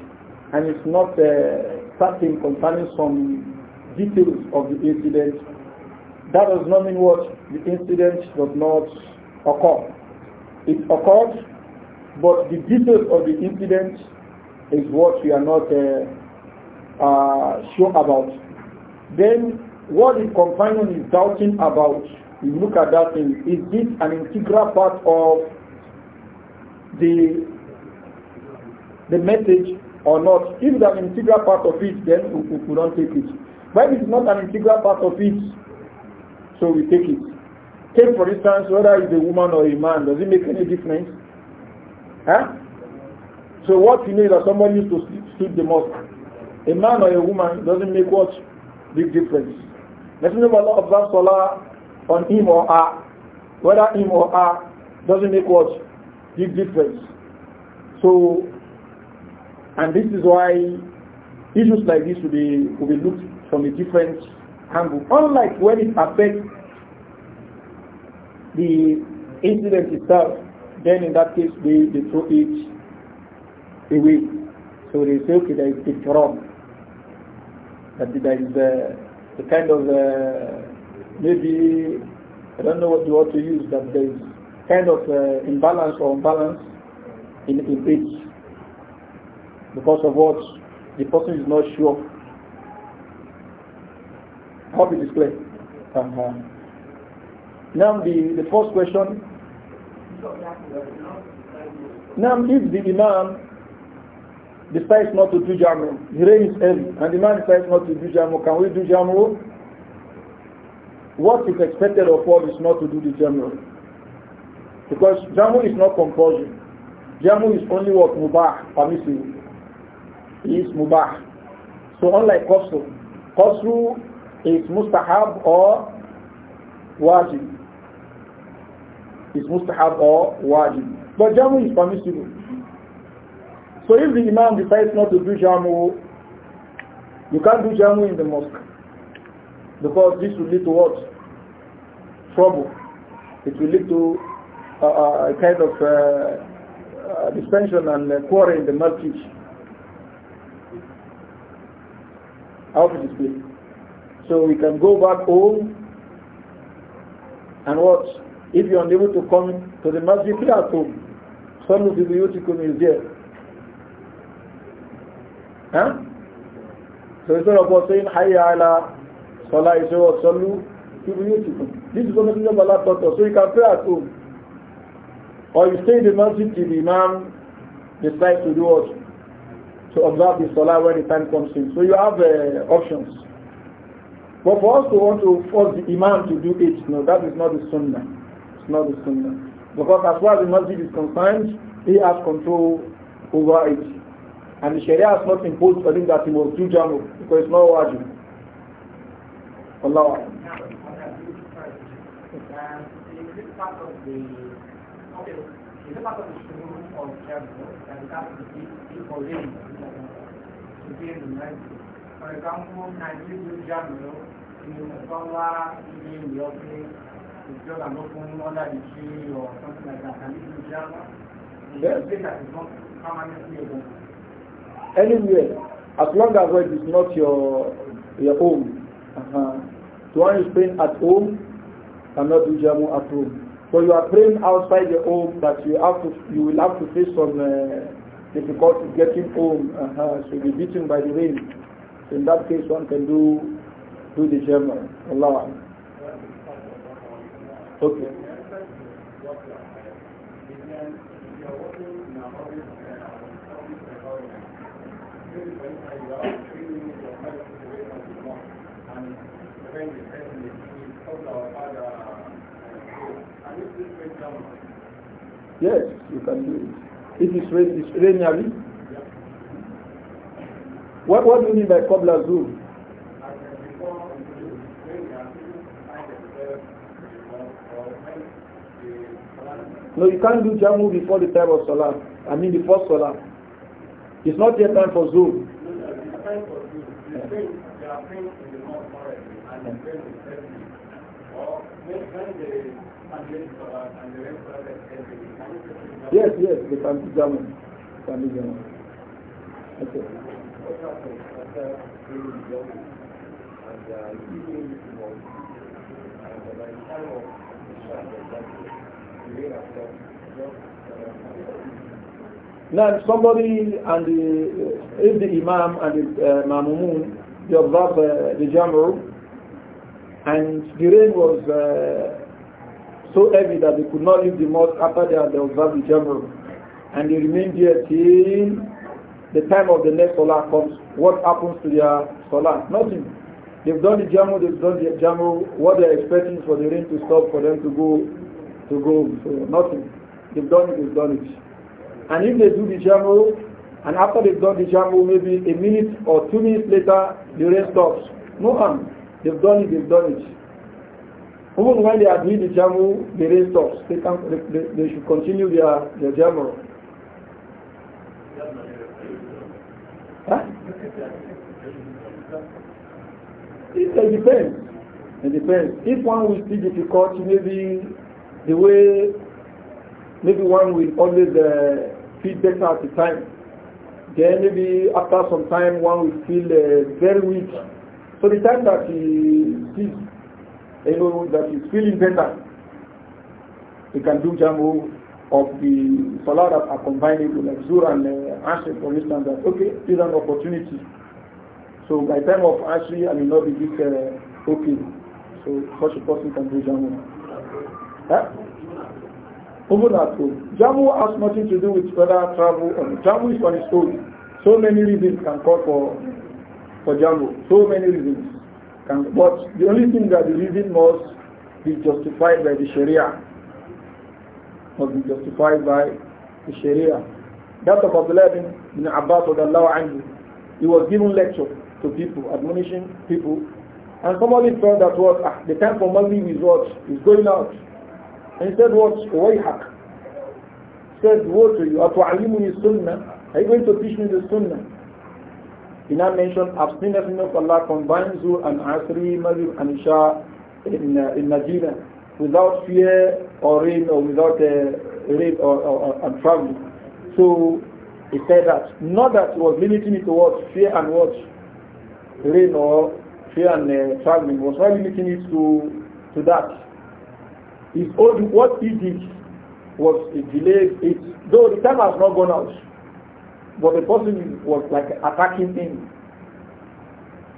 and it's not uh, certain concerning some details of the incident, that does not mean what the incident does not occur. It occurred, but the details of the incident is what we are not uh, uh, sure about. Then what the companion is doubting about, we look at that thing, is this an integral part of the the message or not. If it's an integral part of it, then we, we, we don't take it. But if it's not an integral part of it, so we take it. Take for instance, whether it's a woman or a man, does it make any difference? Huh? So what you know is that someone used to sleep the mosque. A man or a woman doesn't make what big difference. Messenger of Allah observes Salah on him or her. Whether him or her doesn't make what big difference. So and this is why issues like this will be, will be looked from a different angle. Unlike when it affects the incident itself, then in that case they, they throw it away. So they say, okay, there is a wrong. That there is a, uh, a kind of a, uh, maybe, I don't know what you want to use, that there is kind of uh, imbalance or imbalance in, in age because of what the person is not sure. Hope it is clear. Uh -huh. Now the, the first question. Now if the imam decides not to do jamu, the rain is early, and the man decides not to do jamu, can we do jamu? What is expected of all is not to do the jamu. Because jamu is not compulsory. Jamu is only what mubah, permissible is mubah. So unlike qasr. Qasr is mustahab or wajib. Is mustahab or wajib. But jamu is permissible. So if the imam decides not to do jamu, you can't do jamu in the mosque. Because this will lead to what? Trouble. It will lead to uh, uh a kind of uh, uh, dissension and quarrel in the masjid. out of the place. So we can go back home and watch. If you're unable to come to the masjid, pray at home. Some of the beautiful is there. Huh? So instead of us saying, Hayya ala salah, you say, Sallu, this is going to be Allah taught us. So you can pray at home. Or you stay in the masjid till the imam decides to do what? to observe the salah when the time comes in. So you have uh, options. But for us to want to force the imam to do it, no, that is not the sunnah. It's not the sunnah. Because as far as the masjid is concerned, he has control over it. And the sharia has not imposed on him that he must do jamu, because it's not wajib. Allah. Okay, is it part of the shuru of that have to be ìbéèrè Anywhere, as long as it is not your your home. Uh-huh. The one is praying at home cannot do jamu at home. So you are praying outside your home that you have to you will have to face some uh, difficulty getting home, uh -huh, so be beaten by the rain. So in that case, one can do do the German. Allah. Okay. Yes, you can do it. If it's rain, it's rain, What, what do you mean by Qabla Zuhr? No, you can't do Jamu before the time of Salah. I mean the first Salah. It's not yet time for Zuhr. Yeah. Yes, yes, the can be German. Can be German. Okay. Now, somebody and the, uh, if the imam and the uh, mamumun, they observe uh, the jamr, and the rain was uh, so heavy that they could not leave the mosque after they had observed the Jamr. And they remained there till the time of the next Salah comes. What happens to their Salah? Nothing. They've done the Jamr, they've done the Jamr. What they're expecting is for the rain to stop, for them to go, to go. So nothing. They've done it, they've done it. And if they do the Jamr, and after they've done the Jamr, maybe a minute or two minutes later, the rain stops. No harm. They've done it, they've done it. Even when they agree the jamu, they raise They, can, they, they, they should continue their, their jamu. Huh? It, it depends. It depends. If one will see difficulty, maybe the way, maybe one will always uh, feel better at the time. Then maybe after some time, one will feel uh, very weak. So the time that he sees you know, that is feeling better, he can do jamu of the salah that are combined with like Zura and uh, Asher, for instance, that, okay, this is an opportunity. So by time of Asher, I will not be this uh, okay. So such a person can do jamu. Huh? Even at Jamu has nothing to do with whether travel or Jamu is on its own. So many reasons can call for for Jamu. So many reasons. Can, but the only thing that the reason must be justified by the Sharia. Must be justified by the Sharia. That of Abdullah bin, Abbas anhu, he was giving lecture to people, admonishing people, and somebody thought that what ah, the time for Maghrib is what is going out. And he said what? Wayhak. He said, what to you, Are you going to teach me the sunnah? He now mentioned abstinence of Allah combines Zuhr and Asri, Maghrib and Isha in, uh, in Medina without fear or rain or without uh, rain or, or, or, or traveling. So he said that, not that he was limiting it towards fear and what rain or fear and uh, traveling, was not limiting it to, to that. His old, what he did was he delayed it, though the time has not gone out. But the person was like attacking him.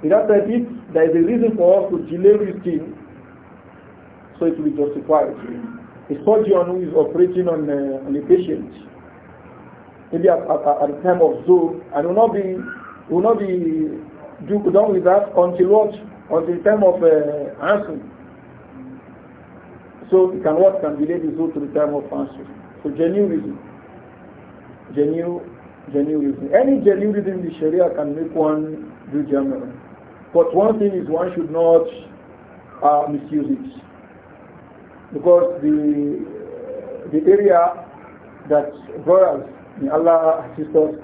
In that if there is a reason for us to delay this thing, so it will be justified. A surgeon who is operating on, uh, on a patient, maybe at, at, at the time of Zoom, and will not be will not be done with that until what? Until the time of uh, answer. So it can what can delay the Zoom to the time of answer. So genuine reason. Genuine genuine Any genuine in the Sharia can make one do Jama'ah. But one thing is one should not uh, misuse it. Because the, the area that brothers, may Allah assist us,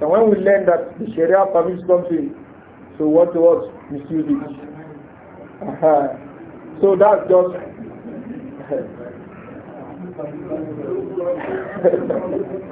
and when we learn that the Sharia permits something, so what to us? Misuse it. Uh -huh. So that's just...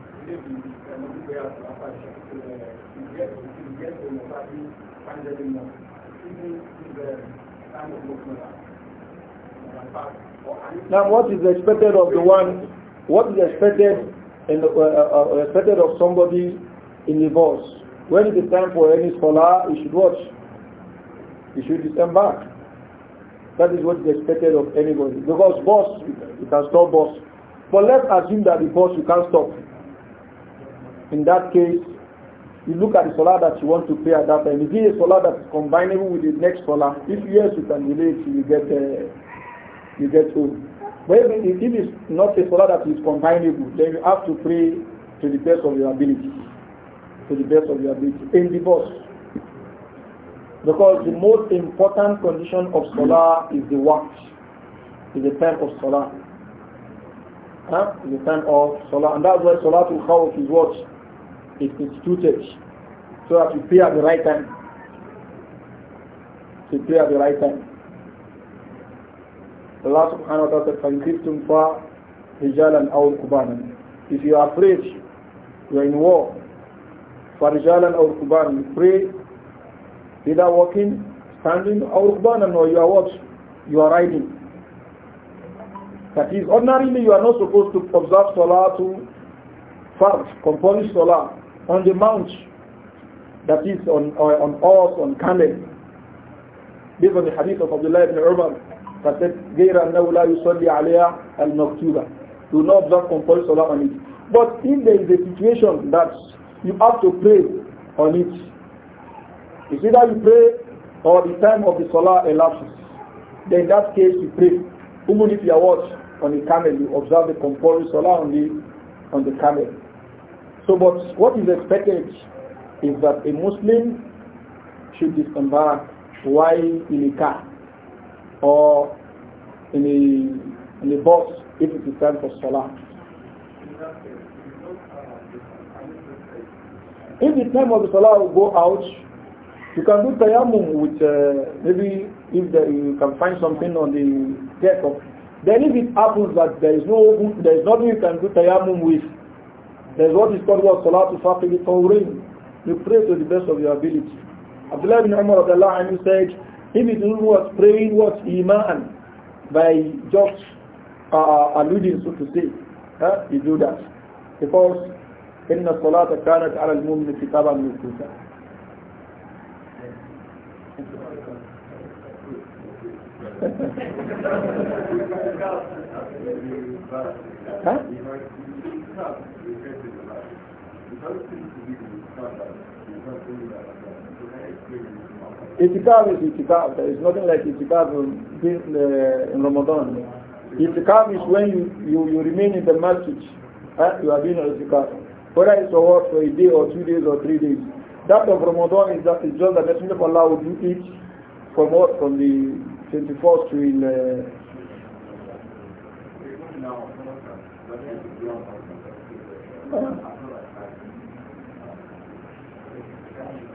Now, what is expected of the one? What is expected in the, uh, uh, uh expected of somebody in divorce? When it is time for any scholar, he should watch. He should disembark. That is what is expected of anybody. Because boss, you can stop boss. But let's assume that the boss you can't stop in that case, you look at the salah that you want to pray at that time. Is it a salah that's combinable with the next salah? If yes, you can delay it you get uh, you get home. But if it is not a salah that is combinable, then you have to pray to the best of your ability. To the best of your ability. In divorce. Because the most important condition of salah is the watch, is the time of salah. Huh? Is the time of salah. And that's why salah to khawf is what? is instituted so that you pray at the right time. To pray at the right time. Allah subhanahu wa ta'ala said, فَإِنْ فَا hijalan أَوْ رُكُبَانًا If you are afraid, you are in war, فَرِجَالًا أَوْ You Pray either walking, standing, or رُكْبَانًا or you are what? You are riding. That is, ordinarily you are not supposed to observe Salah to Farj, compulsory Salah on the mount that is on on us on camel based on the hadith of Abdullah ibn Umar that said غير أنه لا يصلي عليها المكتوبة do not observe compulsory salah on it but if there is a situation that you have to pray on it it's either you pray or the time of the salah elapses then in that case you pray even if you are what on the camel you observe the compulsory salah on the on the camel so, but what is expected is that a Muslim should disembark while in a car or in a, in a bus if it is time for Salah. If the time of the Salah will go out, you can do tayammum with uh, maybe if the, you can find something on the deck of. Then if it happens that there is no there is nothing you can do tayammum with, there's what is called what Salatul Faqih Tawrin. You pray to the best of your ability. Abdullah ibn Umar you said, if it was praying what Iman by just uh, alluding so to say, huh? you do that. Because إن الصلاة كانت على المؤمن كتابا موقوتا ها؟ Itikaf is itikaf. There is nothing like itikaf in, uh, in Ramadan. Itikaf is when you, you, you remain in the masjid. Eh? You are doing itikaf. Whether it's a work for a day or two days or three days. That of Ramadan is, that, is just the Messenger of Allah would do it from what? From the 24th to in, uh, uh,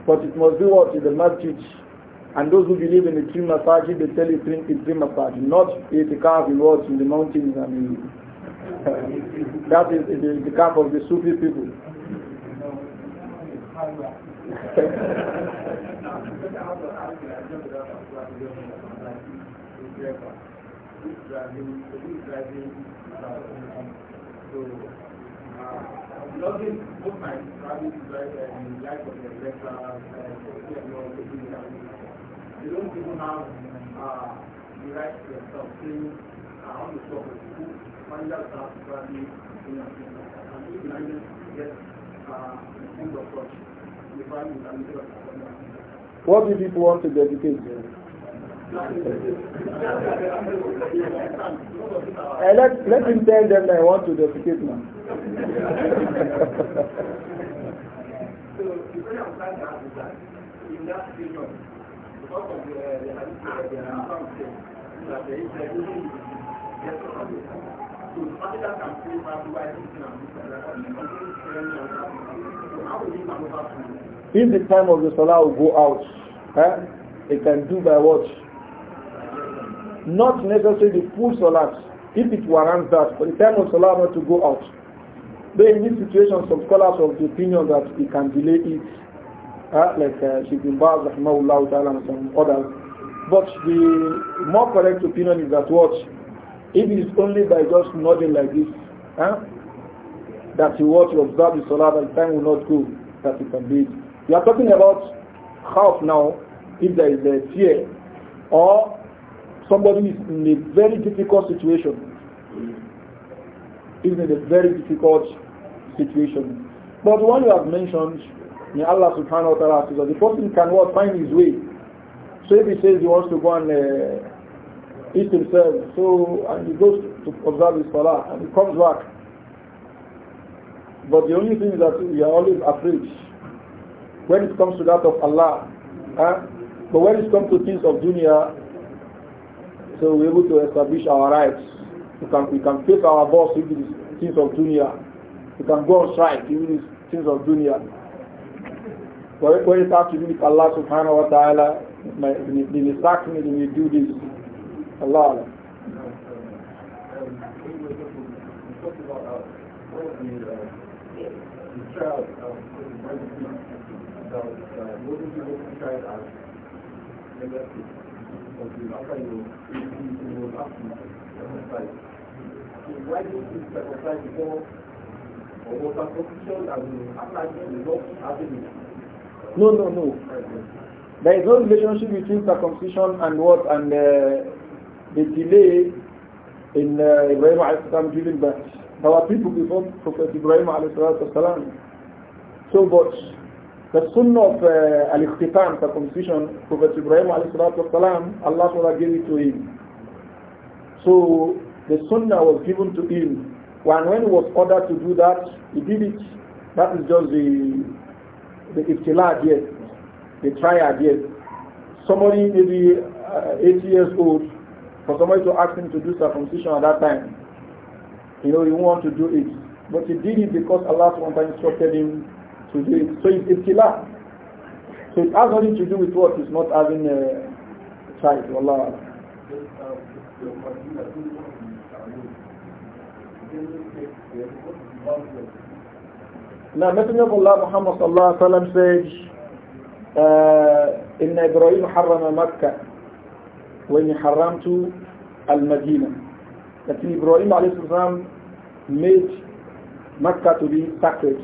But it must be what is the masjid. And those who believe in the three masajid, they tell you drink in three masajid, not itikaf in what in the mountains and that is the itikaf of the Sufi people. What do people want to dedicate uh, let, let him tell them that I want to defecate now. the in the, If the time of the Salah will go out, eh, it can do by watch not necessarily the full salat if it warrants that, but the time of salat not to go out. Though in this situation, some scholars of the opinion that it can delay it, uh, like uh, Sheikh bin Baz, Rahimahullah, and some others. But the more correct opinion is that what? If it is only by just nodding like this, that you want to observe the salat and time will not go, that it can be. We are talking about half now, if there is a fear, or somebody is in a very difficult situation. Is in a very difficult situation. But one you have mentioned, may Allah subhanahu wa ta'ala says that the person can what, find his way. So if he says he wants to go and uh, eat himself, so and he goes to observe his salah and he comes back. But the only thing is that we are always afraid when it comes to that of Allah. Huh? But when it comes to things of dunya, so we're able to establish our rights. We can, we can take our boss if it is things of junior. We can go on strike if it is things of junior. But when it has to do Allah subhanahu wa ta'ala, they may sack me, they may do this. Allah. Allah. Child, um, no, no, no. There is no relationship between circumcision and what and uh, the delay in uh, Ibrahim alayhi giving birth. our people before Prophet Ibrahim alayhi salam. So, much. The sunnah of uh, al-ikhtitam, circumcision, Prophet Ibrahim والسلام, Allah Ta'ala gave it to him. So the sunnah was given to him. When, when he was ordered to do that, he did it. That is just the, the ibtila yet, the triad yet. Somebody maybe uh, 80 years old, for somebody to ask him to do circumcision at that time, you know, he want to do it. But he did it because Allah instructed him to do it. So it's ibtila. So it has nothing to do with what is not having a child. Allah. Now, Messenger of Allah Muhammad sallallahu alaihi wasallam says, uh, "Inna Ibrahim harrama Makkah when harramtu al-Madinah." That Ibrahim alayhi salam made Makkah to be sacred.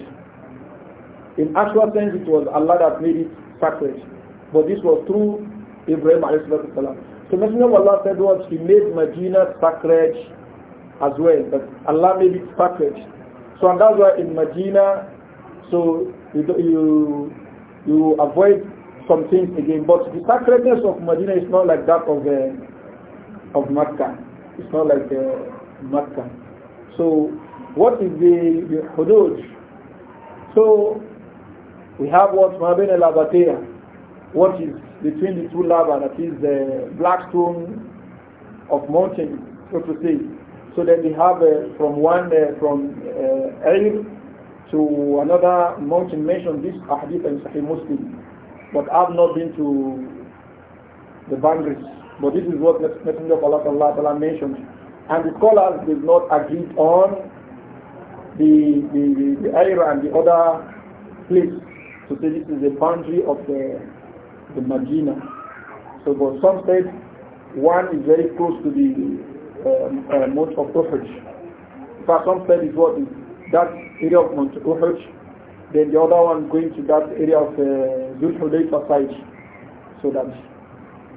In actual sense, it was Allah that made it sacred. But this was through Ibrahim salam. So Messenger of Allah said was He made Medina sacred as well. But Allah made it sacred. So and that's why in Medina, so you, you, you avoid some things again. But the sacredness of Medina is not like that of, uh, of Makkah. It's not like uh, Makkah. So what is the, the hudud? So we have what Mabin el what is between the two lava, that is the black stone of mountain, so to say. So that we have uh, from one, uh, from uh, to another mountain mentioned this ahadith and Sahih Muslim. But I've not been to the boundaries. But this is what Messenger of Allah, Allah mentioned. And the scholars did not agree on the, the, the, the and the other place to say this is the boundary of the, the Medina. So for some states, one is very close to the um, uh, Mount of Uhud. For some states, it's what is that area of Mount Uhud. Then the other one going to that area of uh, Zul Hudayfa So that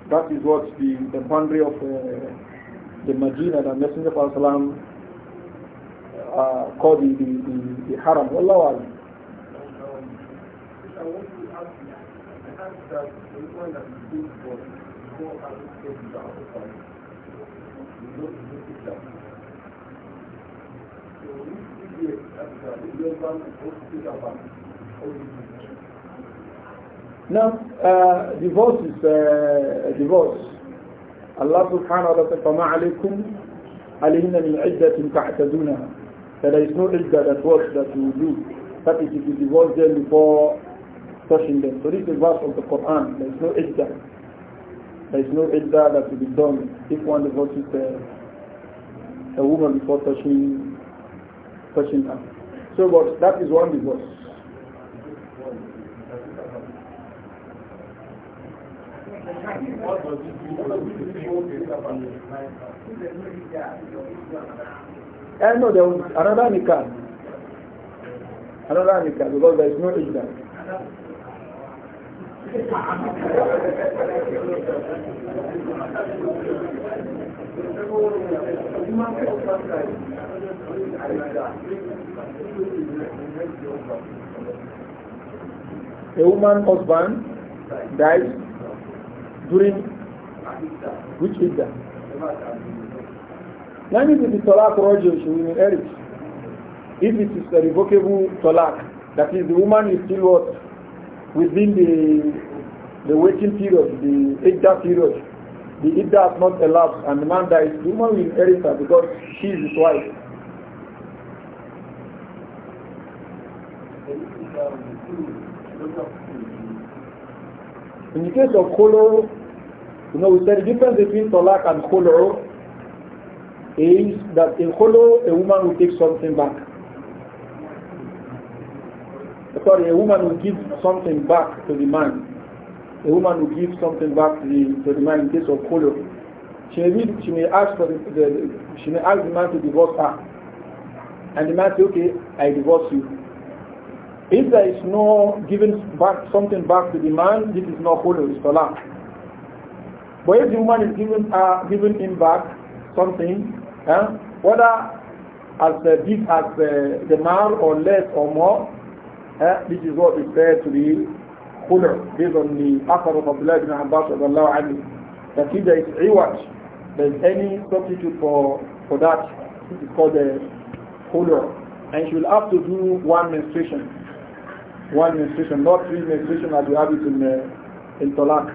that is what the, the boundary of uh, the Medina, the Messenger of Allah uh, called the, the, the, the Haram. Allah I want to ask you, I ask that the that is good for before I will say you are open, you know to make it up. So if you do it after, if man is supposed to take a bath, how Now, uh, divorce is uh, divorce. Allah subhanahu wa ta'ala فَمَا عَلَيْكُمْ عَلَيْهِنَّ مِنْ عِدَّةٍ تَعْتَدُونَها there is no iddah that works that you do. That is if you divorce them before touching them. So this is verse of the Quran. There is no idda. There is no idda that will be done if one divorces a, a woman before touching touching her. So but that is one divorce. I eh, know there was another nikah. Another nikah because there is no idda. A woman husband dies during which is That Let me means the talak rajul, she will inherit. If it is a revocable talak, that is the woman is still what? within the, the waiting period, the idda period, the idda has not elapsed and the man dies, the woman will inherit her because she is his wife. In the case of kholo, you know, we said the difference between talak and kholo is that in kholo, a woman will take something back sorry, a woman will give something back to the man. A woman will give something back to the, to the man in case of color. She may, she may ask for the, the, she may ask the man to divorce her, and the man say, "Okay, I divorce you." If there is no giving back something back to the man, this is not holy, it's But if the woman is giving uh, giving him back something, eh, whether as uh, big as uh, the man or less or more, uh, this is what is said to the Khulr, based on the Akhar of Abdullah ibn Abbas anhu, that if there is iwaj, there is any substitute for, for that, it is called the Khulr. And she will have to do one menstruation. One menstruation, not three menstruation as we have it in, uh, in Talak.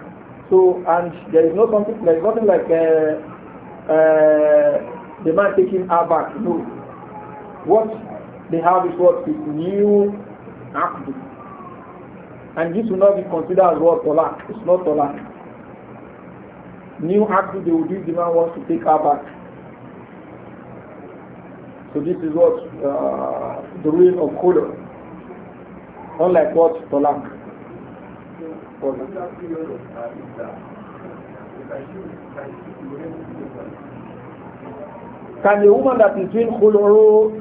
So, and there is no something, there is nothing like uh, uh, the man taking her back. No. What they have is what is new Aqdu. And this will not be considered as what talaq. It's not Tola. New act they will do the man wants to take her back. So this is what uh, the ruling of Qudr. Unlike what Tola. Can the woman that is doing khuluru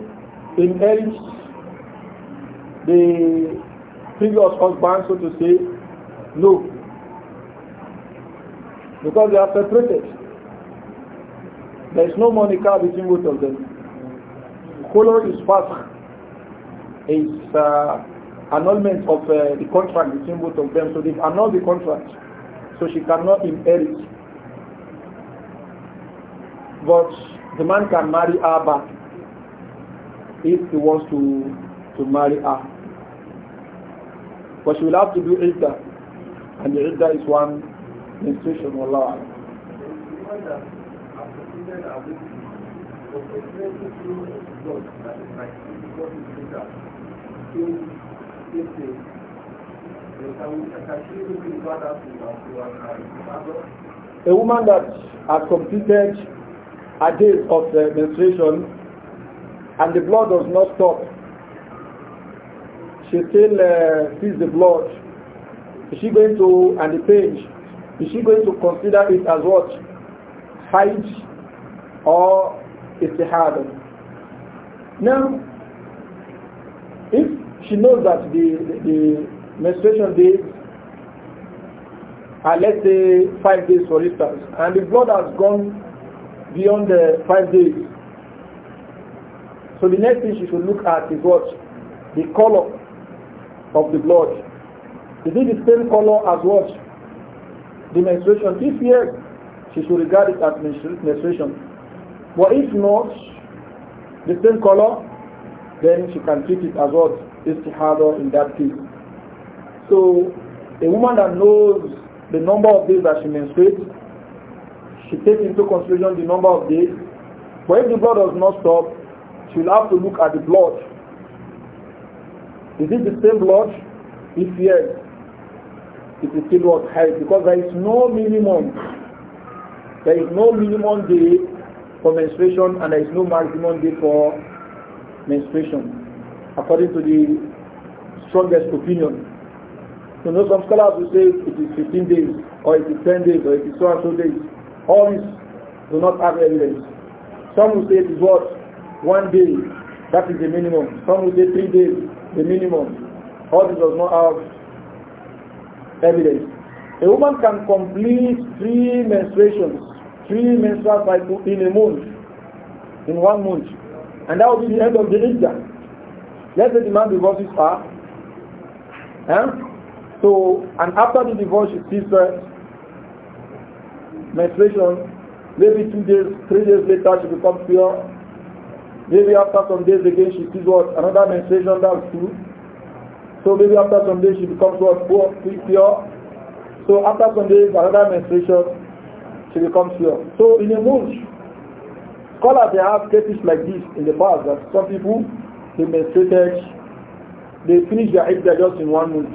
in marriage the previous husband, so to say, no. Because they are separated. There is no monica between both of them. Color is fast. It's uh, annulment of uh, the contract between both of them. So they annul the contract. So she cannot inherit. But the man can marry her back if he wants to to marry her. But she will have to do idda. And the idda is one menstruation or law. A woman that has completed a day of uh, menstruation and the blood does not stop she still uh, sees the blood, is she going to, and the page, is she going to consider it as what? Hajj or hidden? Now, if she knows that the, the, the menstruation days are let's say five days for instance, and the blood has gone beyond the five days, so the next thing she should look at is what? The color of the blood? Is it the same color as what? The menstruation. If yes, she should regard it as menstruation. But if not, the same color, then she can treat it as what? Istihada in that case. So, a woman that knows the number of days that she menstruates, she takes into consideration the number of days. But if the blood does not stop, she will have to look at the blood is it the same blood? If yes, it is still what high because there is no minimum. There is no minimum day for menstruation and there is no maximum day for menstruation, according to the strongest opinion. You know, some scholars will say it is 15 days, or it is 10 days, or it is so and so days. All these do not have evidence. Some will say it is what? One day. That is the minimum. Some will say three days the minimum. All this does not have evidence. A woman can complete three menstruations, three menstrual cycles in a month, in one month. And that will be the end of the exam. Let's say the man divorces her. wife. So, and after the divorce, she sees menstruation. Maybe two days, three days later, she becomes pure Maybe after some days again she sees what? Another menstruation that's true. So maybe after some days she becomes what? Poor, pure. So after some days, another menstruation, she becomes pure. So in a month, scholars they have cases like this in the past that some people they menstruated, they finish their iddah just in one month.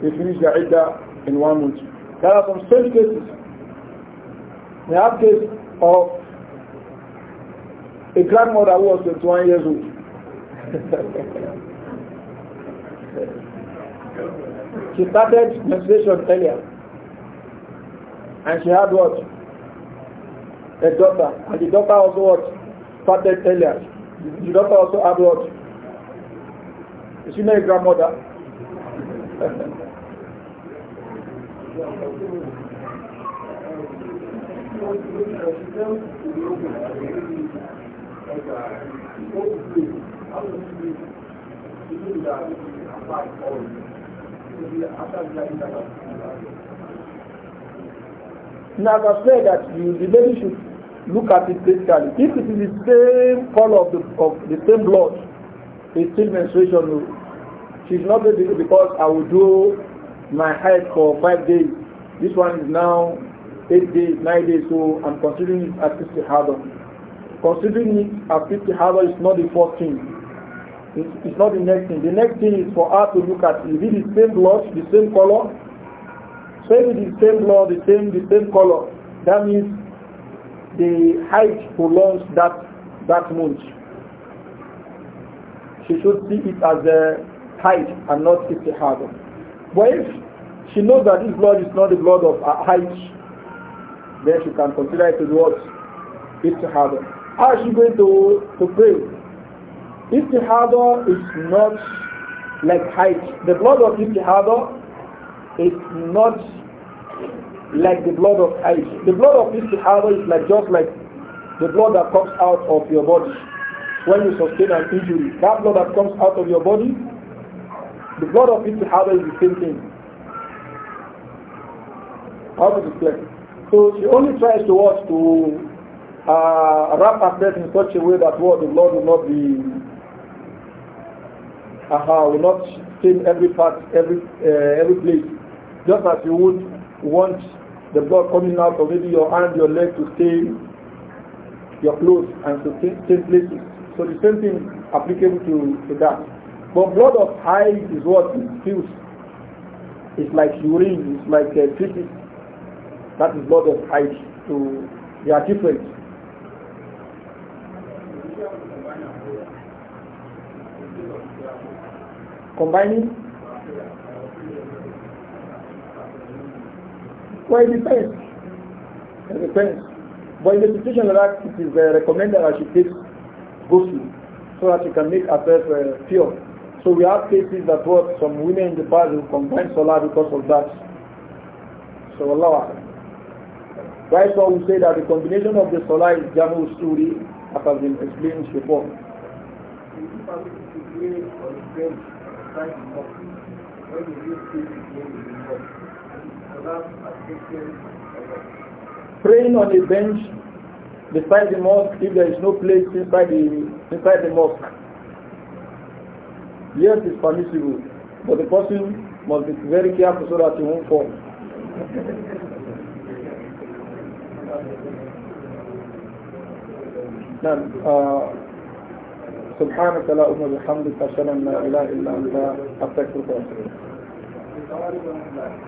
They finish their iddah in one month. There are some strange cases. They have case of A grandmother who was 21 years old. she started menstruation earlier. And she had what? A daughter. And the daughter also what? Started earlier. The daughter also had what? Is she not a grandmother? Thank you. Now, I said that you, the lady should look at it critically. If it is the same color of the, of the same blood, it's still menstruation. She's not going because I will do my height for five days. This one is now eight days, nine days, so I'm considering it as harder. Considering it as fifty however is not the first thing. It's, it's not the next thing. The next thing is for us to look at is it the same blood, the same color? Same the same blood, the same the same color, that means the height prolongs that that moon. She should see it as a height and not as a But if she knows that this blood is not the blood of a height, then she can consider it as what? It's a how is she going to, to pray? Istihada is not like height. The blood of Istihada is not like the blood of height. The blood of Istihada is like just like the blood that comes out of your body when you sustain an injury. That blood that comes out of your body, the blood of Istihada is the same thing. How to explain? So she only tries to what? To uh, wrap that in such a way that what the Lord will not be, uh, will not stain every part, every uh, every place, just as you would want the blood coming out of maybe your hand, your leg to stain your clothes and to stain places. So the same thing applicable to, to that. But blood of eyes is what feels. It's like urine, it's like uh, feces. That is blood of eyes. So they are different. Combining? Well, it depends. It depends. But in the situation like that, it is uh, recommended that she takes ghostly so that she can make herself uh, pure. So we have cases that what some women in the past who combine solar because of that. So Allah. Why some will say that the combination of the solar is Jamu Suri I have been explained before. Praying on a bench beside the mosque if there is no place inside the inside the mosque. Yes, it's permissible, but the person must be very careful so that he won't fall. نعم آه، سبحانك لا أمر بحمدك أشهد أن لا إله إلا أنت أستغفرك وأتوب إليك